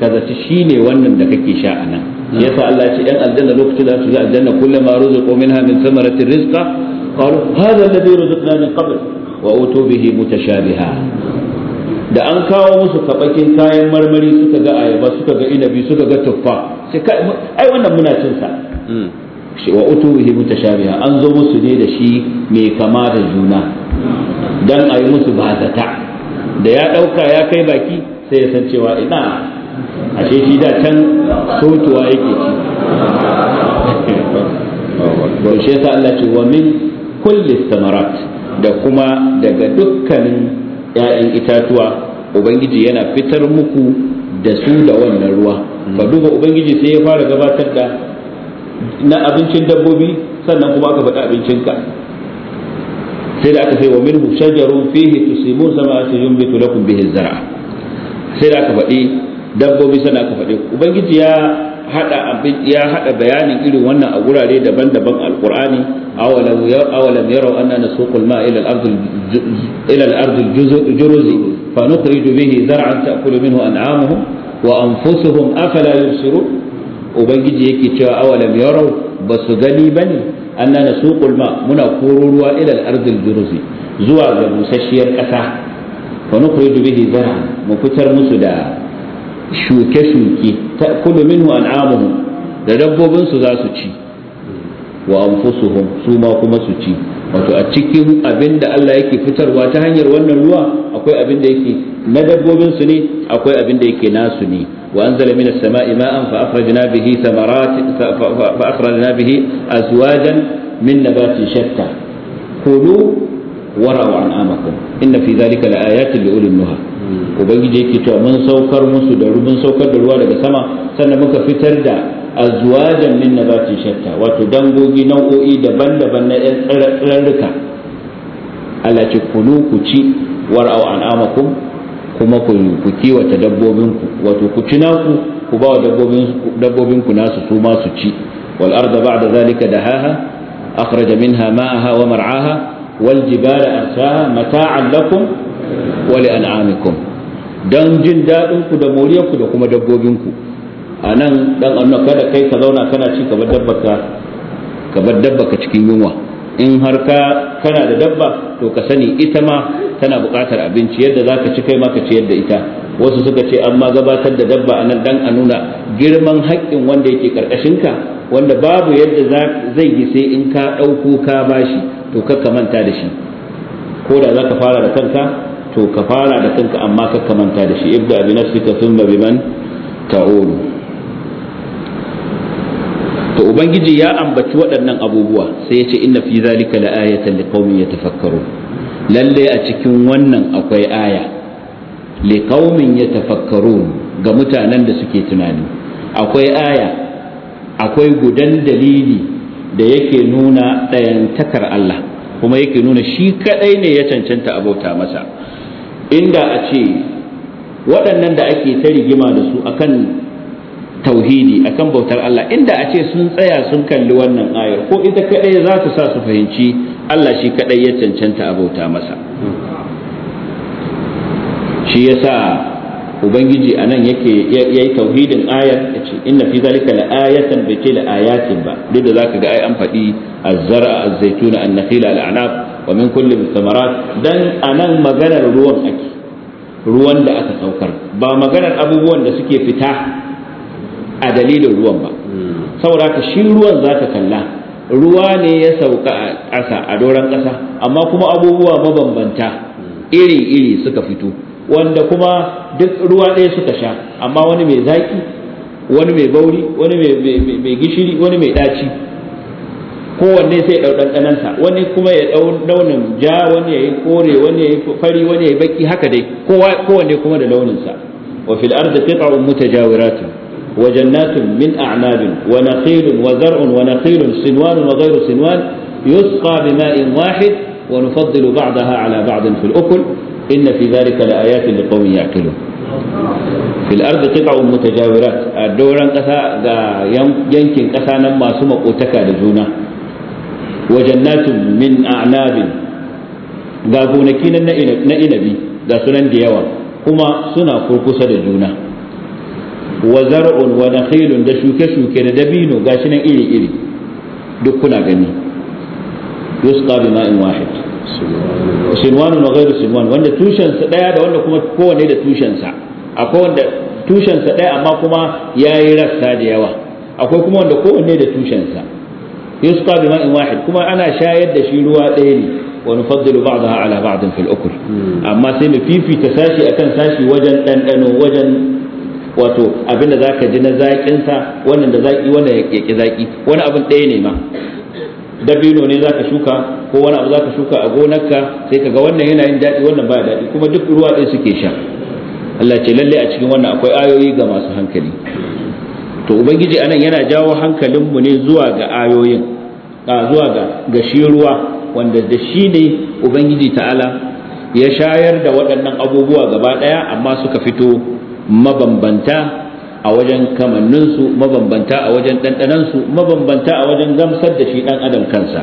ka zaci shi ne wannan da kake sha a nan yasa Allah ce yan aljanna lokacin da su ga aljanna ma ruzuqu minha min thamaratir rizqa qalu hadha alladhi ruziqna min qabl wa utu mutashabiha da an kawo musu kabakin kayan marmari suka ga ayaba suka ga inabi suka ga tuffa ai wannan muna cin sa mm. wa utuhi mutashabiha an zo musu ne da shi mai kama da juna dan ayi musu bazata da ya dauka ya kai baki sai ya san cewa ina ashe shi da can sotuwa yake ci ba shi yasa Allah ce wa min kulli samarat da kuma daga dukkanin 'ya'yan itatuwa ubangiji yana fitar muku da su da wannan ruwa Ba duba ubangiji sai ya fara gabatar da na abincin dabbobi sannan kuma aka faɗi abincinka sai da aka sai wa minhu shajarun fihi tusimun sama yunbitu lakum bihi zar'a sai da aka faɗi dabbobi sannan aka faɗi ubangiji ya hada ya hada bayanin irin wannan a gurare daban-daban alqur'ani أولم يروا أن نسوق الماء إلى الأرض إلى الأرض الجرز فنخرج به زرعا تأكل منه أنعامهم وأنفسهم أفلا يبصرون وبنجي كتشا أولم يروا بس بني أن نسوق الماء من كورولوا إلى الأرض الجرز زوى المسشية الأسعى فنخرج به زرعا مكتر مسدا شوكشوكي تأكل منه أنعامهم لربوا بنسو ذا wa anfusuhum su ma kuma su ci wato a cikin abinda Allah yake fitarwa ta hanyar wannan ruwa akwai abin da yake na dabbobin su ne akwai abin da yake nasu ne wa anzala minas sama'i ma'an fa akhrajna bihi thamarat fa akhrajna bihi azwajan min nabati shatta kulu waraw an amakum inna fi dhalika laayatin ulil nuhah ubangiji yake cewa mun saukar musu da mun saukar da ruwa daga sama sannan muka fitar da azwajan min nabatin shatta wato dangogi nau'o'i daban-daban na yan tsirarruka Allah kunu kulu ku ci au an'amakum kuma ku ku kiwata dabbobinku wato ku ci naku ku ba wa dabbobinku nasu su ma su ci wal arda ba'da zalika dahaha akhraja minha ma'aha wa mar'aha wal jibala arsaha mata'an lakum wa li an'amikum dan jin dadin ku da moriyar ku da kuma dabbobin ku anan dan annabi kada kai ka zauna kana ci ka bar ka cikin yunwa in har ka kana da dabba to ka sani ita ma tana buƙatar abinci yadda za ka ci kai ma ka ci yadda ita wasu suka ce amma gabatar da dabba anan dan a nuna girman haƙƙin wanda yake ka wanda babu yadda zai yi sai in ka ɗauko ka bashi to ka manta da shi ko da za ka fara da kanka to ka fara da kanka amma ka kamanta da shi ibda bi nafsika thumma biman ta'ulu to ubangiji ya ambaci waɗannan abubuwa sai ya ce inna fi zalika la'ayatan liqaumin yatafakkaru lalle a cikin wannan akwai aya liqaumin yatafakkaru ga mutanen da suke tunani akwai aya akwai gudan dalili da yake nuna ɗayantakar Allah kuma yake nuna shi kadai ne ya cancanta abauta masa inda a ce waɗannan da ake ta rigima da su akan tauhidi akan bautar Allah inda a ce sun tsaya sun kalli wannan ayar ko ita kaɗai za ta sa su fahimci Allah shi kaɗai ya cancanta a bauta masa shi yasa ubangiji a nan yake ya yi tauhidin ayar ya ce inna fi zalika la ayatan bai ce la ayatin ba duk da zaka ga ai an faɗi azzara azzaituna annaqila al'anab wa min kulli musamarat dan anan maganar ruwan ake ruwan da aka saukar ba maganar abubuwan da suke fita a dalilin ruwan ba saboda ka shi ruwan zaka kalla ruwa ne ya sauka a ƙasa a doron ƙasa amma kuma abubuwa mabambanta iri-iri suka fito wanda kuma duk ruwa ɗaya suka sha amma wani mai zaki wani mai bauri wani mai gishiri wani mai ɗaci kowanne sai ɗau ɗanɗanansa wani kuma ya ɗau launin ja wani ya yi kore wani ya yi fari wani ya yi baki haka dai kowanne kuma da launinsa wa fil ardi qit'un mutajawiratun wa jannatun min a'nabin wa nakhilun wa zar'un wa nakhilun sinwanun wa ghayru sinwan yusqa bima'in wahid wa nufaddilu ba'daha ala ba'din fil ukul inna fi dhalika laayatin liqawmin ya'qilun fil ardi qit'un mutajawirat a doran kasa ga yankin kasa nan masu makotaka da juna wa jannatun min a'nabin ga gonaki na inabi ga sunan da yawa kuma suna kurkusa da juna wa zar'un wa nakhilun da shuke-shuke da dabino gashi nan iri-iri duk kuna gani yusqa bi ma'in wahid sinwanu na ghayru sinwan wanda tushen sa daya da wanda kuma kowanne da tushen sa akwai wanda tushen sa daya amma kuma yayi rassa da yawa akwai kuma wanda kowanne da tushen sa yusqa bi ma'in wahid kuma ana shayar da shi ruwa ɗaya ne wa nufaddilu ba'daha ala ba'din fil ukul hmm. amma sai mu fifita sashi akan sashi wajen ɗanɗano wajen wato abin da zaka ji na zaƙin sa wannan da zaƙi wannan ya ƙi zaƙi wani abin ɗaya ne ma dabino ne zaka shuka ko wani abu zaka shuka a gonarka sai kaga wannan yana yin daɗi wannan ba daɗi kuma duk ruwa ɗaya suke sha Allah ce lalle a cikin wannan akwai ayoyi ga masu hankali to ubangiji anan yana jawo hankalinmu ne zuwa ga ayoyin zuwa ga gashi ruwa wanda da shi ne ubangiji ta'ala ya shayar da waɗannan abubuwa gaba ɗaya amma suka fito mabambanta a wajen kamanninsu mabambanta a wajen ɗanɗanansu mabambanta a wajen gamsar da shi ɗan adam kansa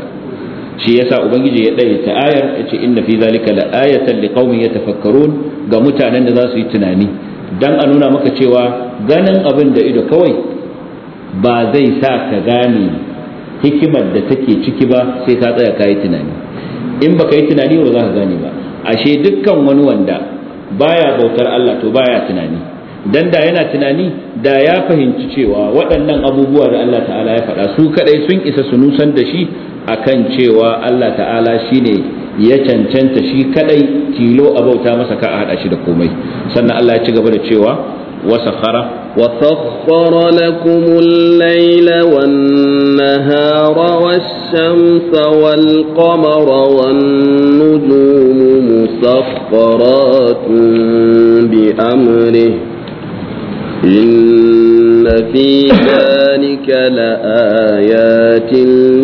shi yasa ubangiji ya ɗaya ta ayar ya ce inna fi zalika la ayatan liqaumin yatafakkarun ga mutanen da za su yi tunani dan a nuna maka cewa ganin abin da ido kawai ba zai sa ka gane hikimar da take ciki ba sai ka tsaya ka yi tunani in baka yi tunani ba za ka gane ba ashe dukkan wani wanda baya bautar Allah to baya tunani dan da yana tunani da ya fahimci cewa waɗannan abubuwa da Allah ta'ala ya faɗa su kadai sun isa su nusan da shi akan cewa Allah ta'ala shine ya cancanta shi kadai tilo a bauta masa ka a hada shi da komai sannan Allah ya ci gaba da cewa wa وسخر لكم الليل والنهار والشمس والقمر والنجوم مسخرات بأمره إن في ذلك لآيات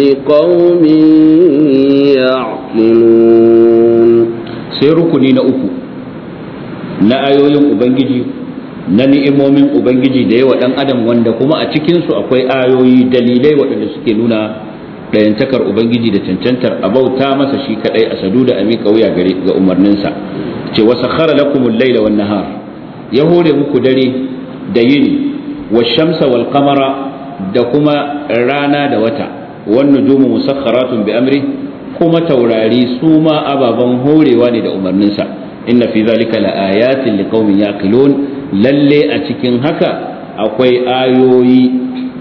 لقوم يعقلون سيركني لأكو لا أيوم أبنجي na ni'imomin ubangiji da yawa dan adam wanda kuma a cikinsu akwai ayoyi dalilai waɗanda suke nuna ɗayantakar ubangiji da cancantar a bauta masa shi kaɗai a sadu da amin wuya gare ga umarninsa ce wa sakhara lakum al-laila wan nahar ya hore muku dare da yin wa shamsa wal qamara da kuma rana da wata wan nujumu musakharatun bi amri kuma taurari su ma ababen horewa ne da umarninsa inna fi zalika la ayatin liqaumin yaqilun lalle a cikin haka akwai ayoyi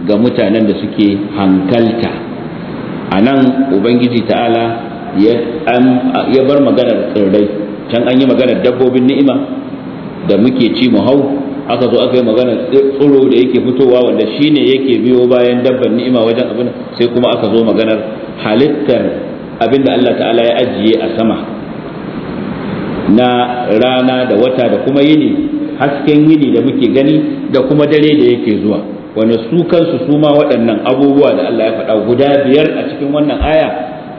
ga mutanen da suke hankalta a nan ubangiji ta'ala ya bar maganar tsirrai can an yi maganar dabbobin ni'ima da muke ci mu hau aka zo aka yi maganar tsiro da yake fitowa wanda shi shine yake biyo bayan dabban ni'ima wajen abin sai kuma aka zo maganar halittar abin da Allah ta'ala ya ajiye a sama na rana da wata da kuma yini hasken yini da muke gani da kuma dare da yake zuwa wanda su kansu su ma waɗannan abubuwa da Allah ya faɗa guda biyar a cikin wannan aya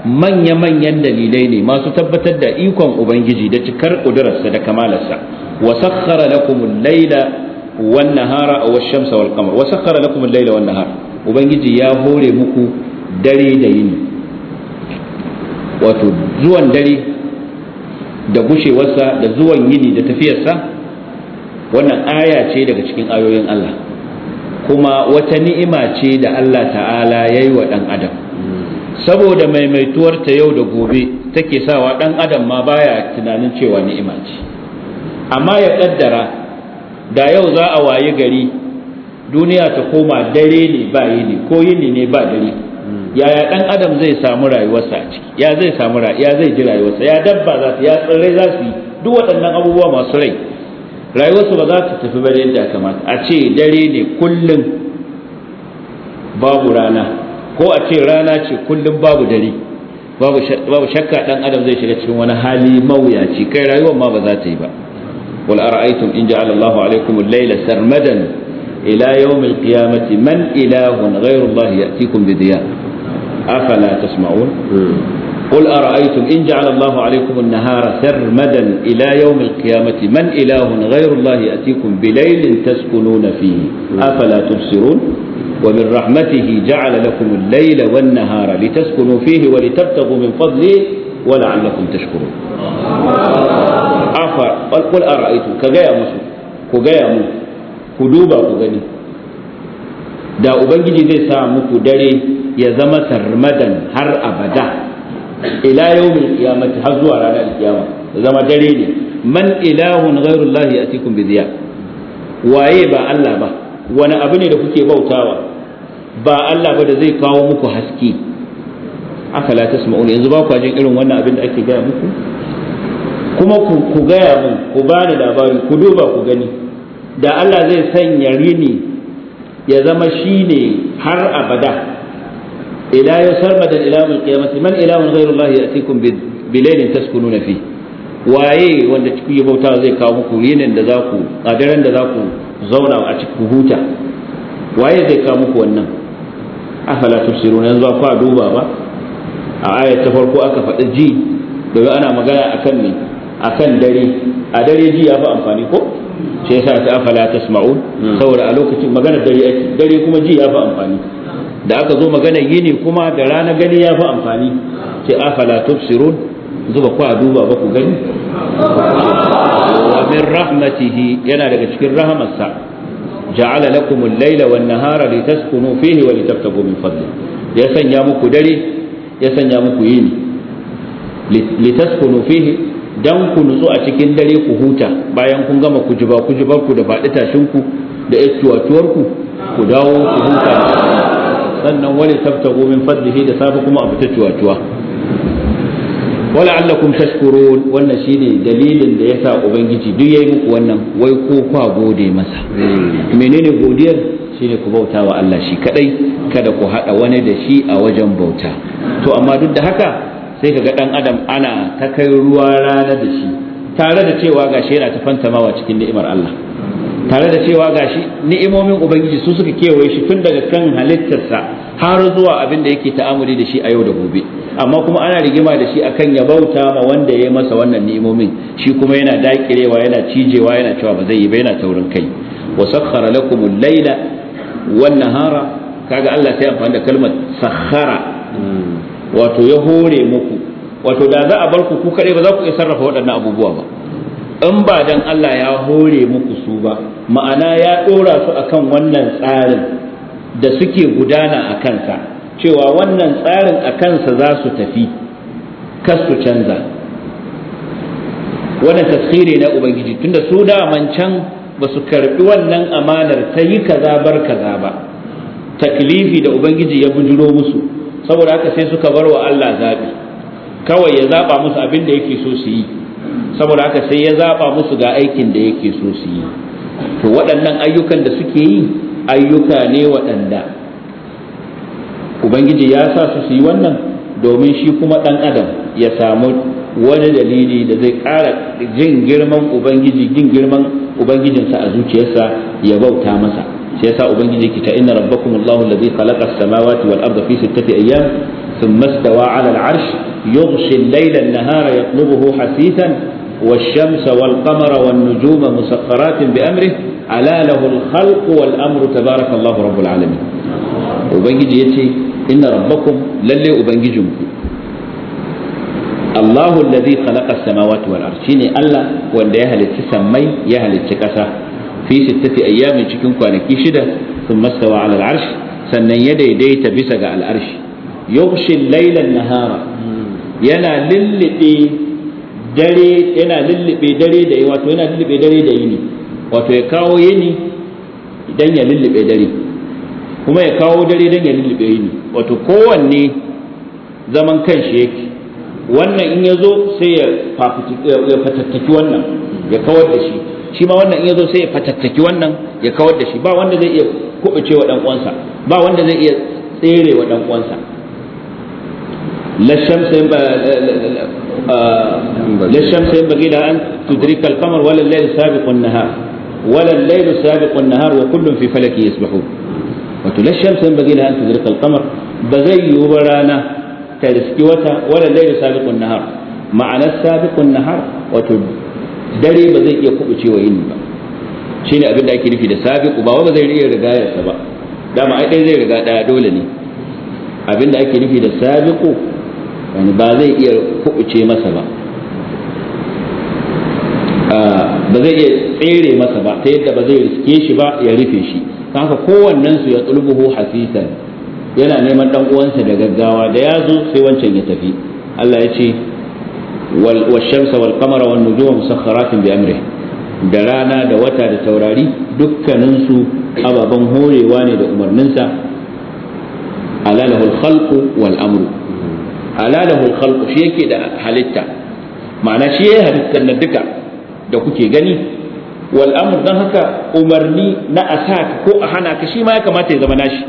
manya-manyan dalilai ne masu tabbatar da ikon ubangiji da cikar ƙudurarsa da kamalarsa wa sakhara lakum laila wan nahara aw ash-shamsa wal qamar wa sakhara lakum al-laila wan nahara ubangiji ya hore muku dare da yini wato zuwan dare da gushewarsa da zuwan yini da tafiyarsa wannan aya ce daga cikin ayoyin Allah kuma wata ni'ima ce da Allah ta'ala ya yi wa ɗan adam saboda maimaituwarta yau da gobe take sawa ɗan adam ma baya tunanin cewa ni'ima ce amma ya ƙaddara da yau za a waye gari duniya ta koma dare ne ba yini ko yini ne ba dare yaya ɗan adam zai samu rayuwarsa a ciki ya zai samu ya zai ji rayuwarsa ya dabba za su ya tsirrai za su yi duk waɗannan abubuwa masu rai rayuwarsu ba za ta tafi ba yadda kamata a ce dare ne kullum babu rana ko a ce rana ce kullum babu dare babu shakka dan adam zai shiga cikin wani hali mawuyaci kai rayuwar ma ba za ta yi ba wal ara'aytum in ja'ala Allahu alaykum al-layla sarmadan ila yawm al-qiyamati man ilahun ghayru Allah ya'tikum bi diya afala tasma'un hmm. قل أرأيتم إن جعل الله عليكم النهار سرمدا إلى يوم القيامة من إله غير الله يأتيكم بليل تسكنون فيه نعم. أفلا تبصرون ومن رحمته جعل لكم الليل والنهار لتسكنوا فيه ولتبتغوا من فضله ولعلكم تشكرون قل أرأيتم كجايا مسو كجايا مو كدوبا كغني دا أبنجي zai sa muku يزمت ya هر أبدا ila yawmin qiyamati har zuwa ranar kiyama zama dare ne man ilahun ghairullahi yatikum bi diya waye ba Allah ba wani abu ne da kuke bautawa ba Allah ba da zai kawo muku haske aka la tasma'un yanzu ba ku jin irin wannan abin da ake gaya muku kuma ku gaya mun ku bani labari ku duba ku gani da Allah zai sanya rini ya zama shine har abada ila yasarmadan ila yawmil qiyamati man ilahun ghayru Allah yatikum bilailin taskununa fi waye wanda cikin bauta zai kawo muku yinin da za ku kadaran da za ku zauna a cikin huta waye zai kawo muku wannan afala tufsiruna yanzu ba duba ba a ayat ta farko aka faɗi ji domin ana magana akan ne a kan dare a dare ji ya fi amfani ko sai yasa ta afala tasma'un saboda a lokacin maganar dare ake dare kuma ji ya fi amfani da aka zo magana yini kuma da rana gani ya fi amfani ce afala tubsirun zuba ku a duba ba ku gani min rahmatihi yana daga cikin rahamarsa ja'ala lakum al-laila wan nahara litaskunu fihi wa min fadli ya sanya muku dare ya sanya muku yini litaskunu fihi dan ku nutsu a cikin dare ku huta bayan kun gama kujiba kujibar ku da faɗi ku da ittuwatuwar ku ku dawo ku huta sannan wani tabtago min fadlihi da safe kuma abu ta cuwa-cuwa wala'allakum tashkurun wannan shine dalilin da yasa ubangiji duk yayi muku wannan wai ko kwa gode masa menene godiyar shine ku bauta wa Allah shi kadai kada ku hada wani da shi a wajen bauta to amma duk da haka sai kaga dan adam ana ta kai ruwa rana da shi tare da cewa gashi yana ta fantamawa cikin ni'imar Allah tare da cewa gashi ni'imomin ubangiji su suka kewaye shi tun daga kan halittarsa har zuwa abin da yake ta'amuli da shi a yau da gobe amma kuma ana rigima da shi akan ya bauta ma wanda ya masa wannan nimomin shi kuma yana dakirewa yana cijewa yana cewa ba zai yi ba yana taurin kai wa sakhara lakum al-laila wan nahara kaga Allah sai amfani da kalmar sakhara wato ya hore muku wato da za a bar ku ku kare ba za ku iya sarrafa waɗannan abubuwa ba in ba dan Allah ya hore muku su ba ma'ana ya dora su akan wannan tsarin da suke gudana a kansa cewa wannan tsarin a kansa za su tafi kasu canza wannan tasiri na ubangiji tunda su daman can ba su karbi wannan amanar ta yi kaza bar kaza ba taklifi da ubangiji ya bujiro musu saboda haka sai suka bar wa Allah zaɓi kawai ya zaɓa musu abin da yake so su yi saboda haka sai ya zaɓa musu ga aikin da yake so su yi to waɗannan ayyukan da suke yi ayyuka ne waɗanda ubangiji ya sa su su yi wannan domin shi kuma ɗan adam ya samu wani dalili da zai ƙara jin girman ubangiji jin girman ubangijinsa a zuciyarsa ya bauta masa sai yasa ubangiji ki ta inna rabbakum allahu alladhi khalaqa as-samawati wal arda fi sittati ayyam thumma istawa 'ala al-'arsh yughshi al-layla an-nahara yatlubuhu hasitan wash-shamsa wal-qamara والشمس nujuma والنجوم bi بأمره ala lahul khalqu wal amru tabarakallahu rabbul alamin ubangiji yace inna rabbakum lalle ubangijinku Allahu alladhi khalaqa as-samawati wal ardh shine Allah wanda ya halicci sammai ya halicci kasa fi sittati ayyamin cikin kwanaki shida thumma stawa ala al sannan ya daidaita bisa ga al-arsh yughshi layla an-nahara yana lillibe dare dare da wato yana lullube dare da yini wato ya kawo yini idan ya lullube dare kuma ya kawo dare idan ya lullube yini wato kowanne zaman kan shi yake wannan in ya zo sai ya fatattaki wannan ya kawar da shi shi ma wannan in ya zo sai ya fatattaki wannan ya kawar da shi ba wanda zai iya kubuce wa dan uwansa ba wanda zai iya tsere wa dan uwansa la uh, shamsa ba gida an tudrika al-qamar wa la al-layl sabiqu nahar ولا الليل سابق النهار وكل في فلك يسبحون wato la shamsu yanbaghi laha an tudrika al ba zai yiwu ba rana ta riski wata wala laylu sabiqun nahar ma'anar sabiqun nahar wato dare ba zai iya kubuce ba abin da ake nufi da ba ba zai iya ba dama ai dai zai riga daya dole ne abin da ake nufi da sabiku yani ba zai iya kubuce masa ba ba zai iya tsere masa ba ta yadda ba zai riske shi ba ya rufe shi ta haka kowannen su ya tsulbuhu hasisan yana neman dan uwansa da gaggawa da ya zo sai wancan ya tafi Allah ya ce wal shamsa wal qamara wan nujuma musakhkharatin bi amri da rana da wata da taurari dukkanin su ababan horewa ne da umarninsa ala lahul khalqu wal amru ala khalqu shi yake da halitta ma'ana shi yayi halitta na duka da kuke gani Wal'amur amr haka umarni na asa ko a hana ka shi ma ya kamata ya zama nashi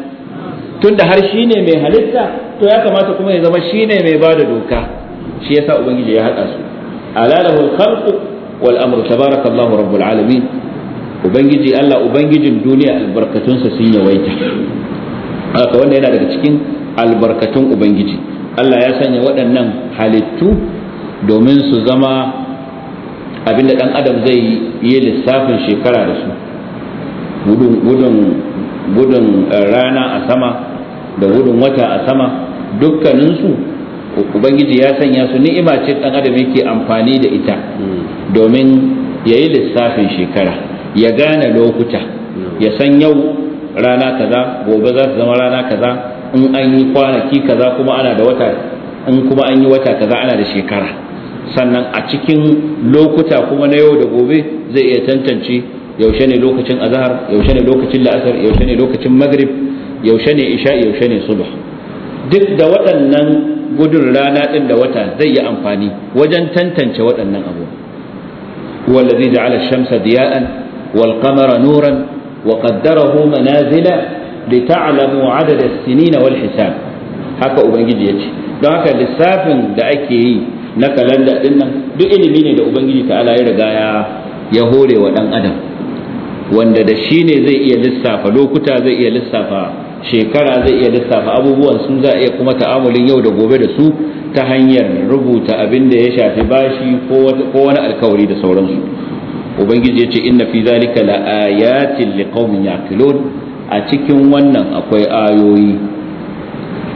tunda har shi ne mai halitta to ya kamata kuma ya zama shi ne mai ba da doka shi yasa ubangiji ya haɗa su alalahul khalqu wal amru tabarakallahu rabbul alamin ubangiji Allah ubangijin duniya albarkatunsa sun yawaita haka wanda yana daga cikin albarkatun ubangiji Allah ya sanya waɗannan halittu domin su zama abinda dan adam zai yi lissafin shekara da su gudun eh, rana a sama da gudun wata a sama dukkaninsu ubangiji ya sanya su ni'ima ce dan adam yake amfani da ita domin ya yi lissafin shekara ya gane lokuta ya san yau rana kaza gobe za su zama rana kaza in an yi kwanaki kaza kuma ana da wata in kuma an yi wata kaza ana da shekara sannan a cikin lokuta kuma na yau da gobe zai iya tantance yaushe ne lokacin azhar yaushe ne lokacin la'asar yaushe ne lokacin maghrib yaushe ne isha yaushe ne subh duk da waɗannan gudun rana ɗin da wata zai yi amfani wajen tantance waɗannan abu wallazi ja'ala shamsa diya'an wal qamara nuran wa qaddarahu manazila lita'lamu 'adada as-sinina wal hisab haka ubangiji yace don haka lissafin da ake yi na kalanda din nan duk ilimi ne da ubangiji ta'ala ya riga ya ya hore wa dan adam wanda da shi ne zai iya lissafa lokuta zai iya lissafa shekara zai iya lissafa abubuwan sun za iya kuma ta'amulin yau da gobe da su ta hanyar rubuta abin da ya shafi bashi ko wani alkawari da sauransu ubangiji ya ce inna fi zalika la ayatin liqaumin yaqilun a cikin wannan akwai ayoyi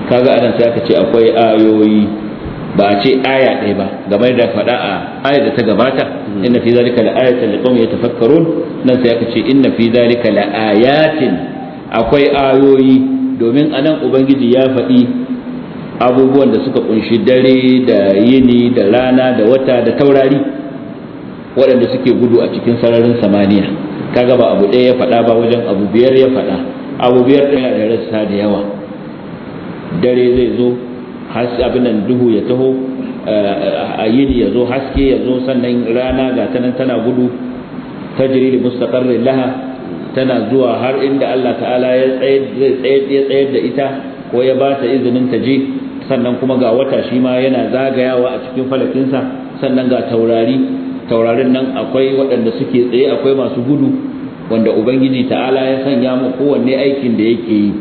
kaga adam sai aka ce akwai ayoyi ba a ce aya ɗaya ba game da faɗa a aya da ta gabata hmm. inna fi zalika la ayatan liqawmin yatafakkarun nan sai aka ce inna fi zalika la ayatin akwai ayoyi domin anan ubangiji ya faɗi abubuwan da suka kunshi dare da yini da rana da wata da taurari waɗanda suke gudu a cikin sararin samaniya kaga ba abu ɗaya ya faɗa ba wajen abu biyar ya faɗa abu biyar ɗaya da rassa da yawa dare zai zo Hasi abin nan duhu ya taho eh, a yini ya zo haske ya zo sannan rana ga tanan tana gudu tajri li mustaqarrin laha tana zuwa har inda Allah ta'ala ya tsayar da ita ko ya ba ta izinin ta je sannan kuma ga wata shi ma yana zagayawa a cikin falakinsa sannan ga taurari taurarin nan akwai waɗanda suke tsaye akwai masu gudu wanda ubangiji ta'ala ya sanya mu kowanne aikin da yake yi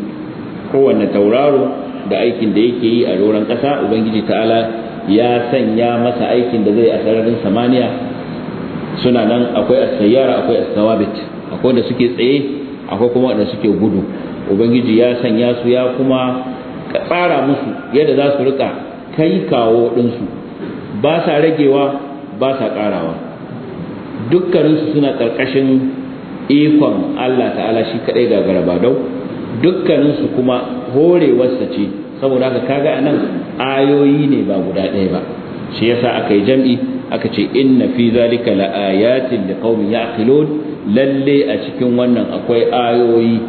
kowanne tauraro da aikin da yake yi a doron ƙasa ubangiji ta'ala ya sanya masa aikin da zai a sararin samaniya suna nan akwai a sayyara akwai a sawabit akwai da suke tsaye akwai kuma da suke gudu ubangiji ya sanya su ya kuma tsara musu yadda za su rika kai kawo ɗinsu ba sa ragewa ba sa ƙarawa dukkaninsu suna ƙarƙashin ikon Allah ta'ala shi kaɗai ga garaba dau dukkaninsu kuma horewarsa ce saboda haka kaga anan ayoyi ne ba guda ɗaya ba shi yasa aka yi jam'i aka ce inna fi zalika laayatin qaumi yaqilun lalle a cikin wannan akwai ayoyi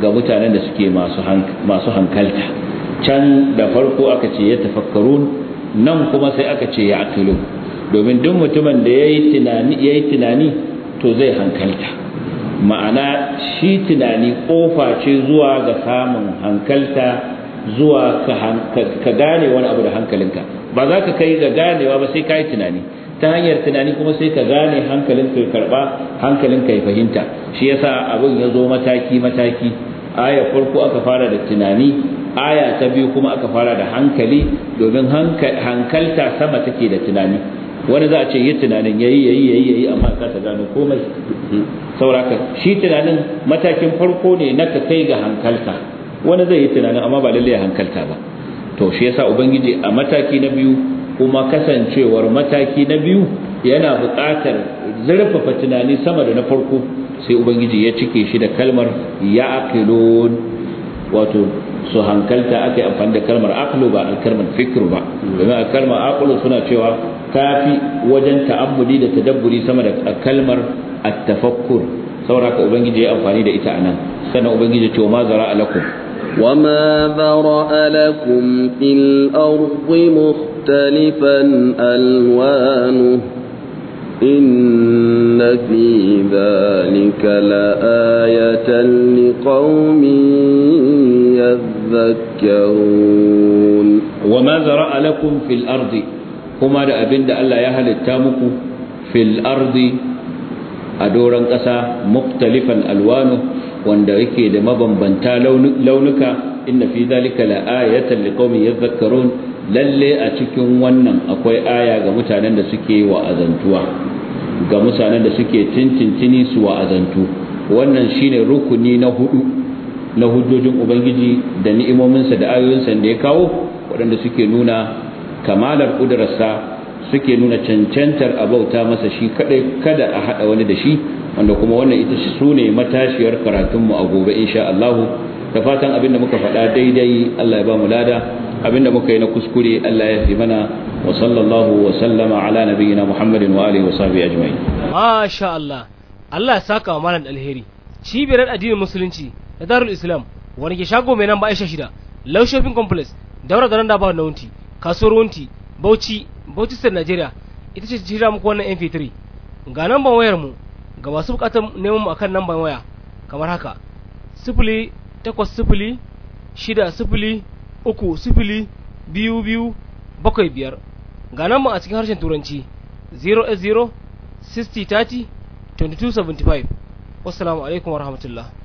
ga mutanen da suke masu masu hankalta can da farko aka ce ya tafakkarun nan kuma sai aka ce ya aqilun domin duk mutumin da yayi tunani yayi tunani to zai hankalta ma'ana shi tunani kofa ce zuwa ga samun hankalta zuwa ka gane wani abu da hankalinka ba za ka kai ga ganewa ba sai ka yi tunani ta hanyar tunani kuma sai ka gane hankalinka ya karba hankalinka ya fahimta shi yasa abin ya zo mataki mataki aya farko aka fara da tunani aya ta biyu kuma aka fara da hankali domin hankalta sama take da tunani wani za a ce yi tunanin yayi yayi yayi yayi amma ka ta gano komai sauraka shi tunanin matakin farko ne na ka kai ga hankalta wani zai yi tunanin amma ba lalle ya hankalta ba to shi yasa ubangiji a mataki na biyu kuma kasancewar mataki na biyu yana buƙatar zurfafa tunani sama da na farko sai ubangiji ya cike shi da kalmar ya aqilun wato su hankalta ake amfani da kalmar aqlu ba alkalmar fikru ba domin kalmar aqlu suna cewa tafi wajen ta'ammudi da tadabburi sama da kalmar at-tafakkur saboda ubangiji ya amfani da ita anan sannan ubangiji ce ma zara alakum وما برأ لكم في الأرض مختلفا ألوانه إن في ذلك لآية لقوم يذكرون وما ذرأ لكم في الأرض كما رأى دا ألا يهل التامك في الأرض أدورا قسا مختلفا ألوانه wanda yake da mabambanta launuka inna fi zalika la ayatan liqaumin yadhakkarun lalle a cikin wannan akwai aya ga mutanen da suke wa'azantuwa ga mutanen da suke tintintini su wa'azantu wannan shine rukuni na hudu na hujjojin ubangiji da ni'imominsa da ayoyinsa da ya kawo waɗanda suke nuna kamalar ƙudurarsa suke nuna cancantar abauta masa shi kadai kada a haɗa wani da shi wanda kuma wannan ita su ne matashiyar karatunmu a gobe insha Allah da fatan abinda muka faɗa daidai Allah ya ba mu lada abinda muka yi na kuskure Allah ya fi mana wa sallallahu wa sallama ala nabiyyina Muhammadin wa alihi wa sahbihi ajma'in masha Allah Allah ya saka wa malam alheri cibiyar addinin musulunci da darul islam wani ke shago mai nan ba aisha shida law shopping complex daura garan da ba nauti wunti kasuwar wunti bauchi bauchi sai najeriya ita ce jira muku wannan mp3 ga ban wayar mu ga masu bukatar neman mu akan namban waya kamar haka sifili takwas sifili shida sifili uku sifili biyu biyar ga nan a cikin harshen turanci 080 60 30 2275 wassalamu alaikum warahmatullahi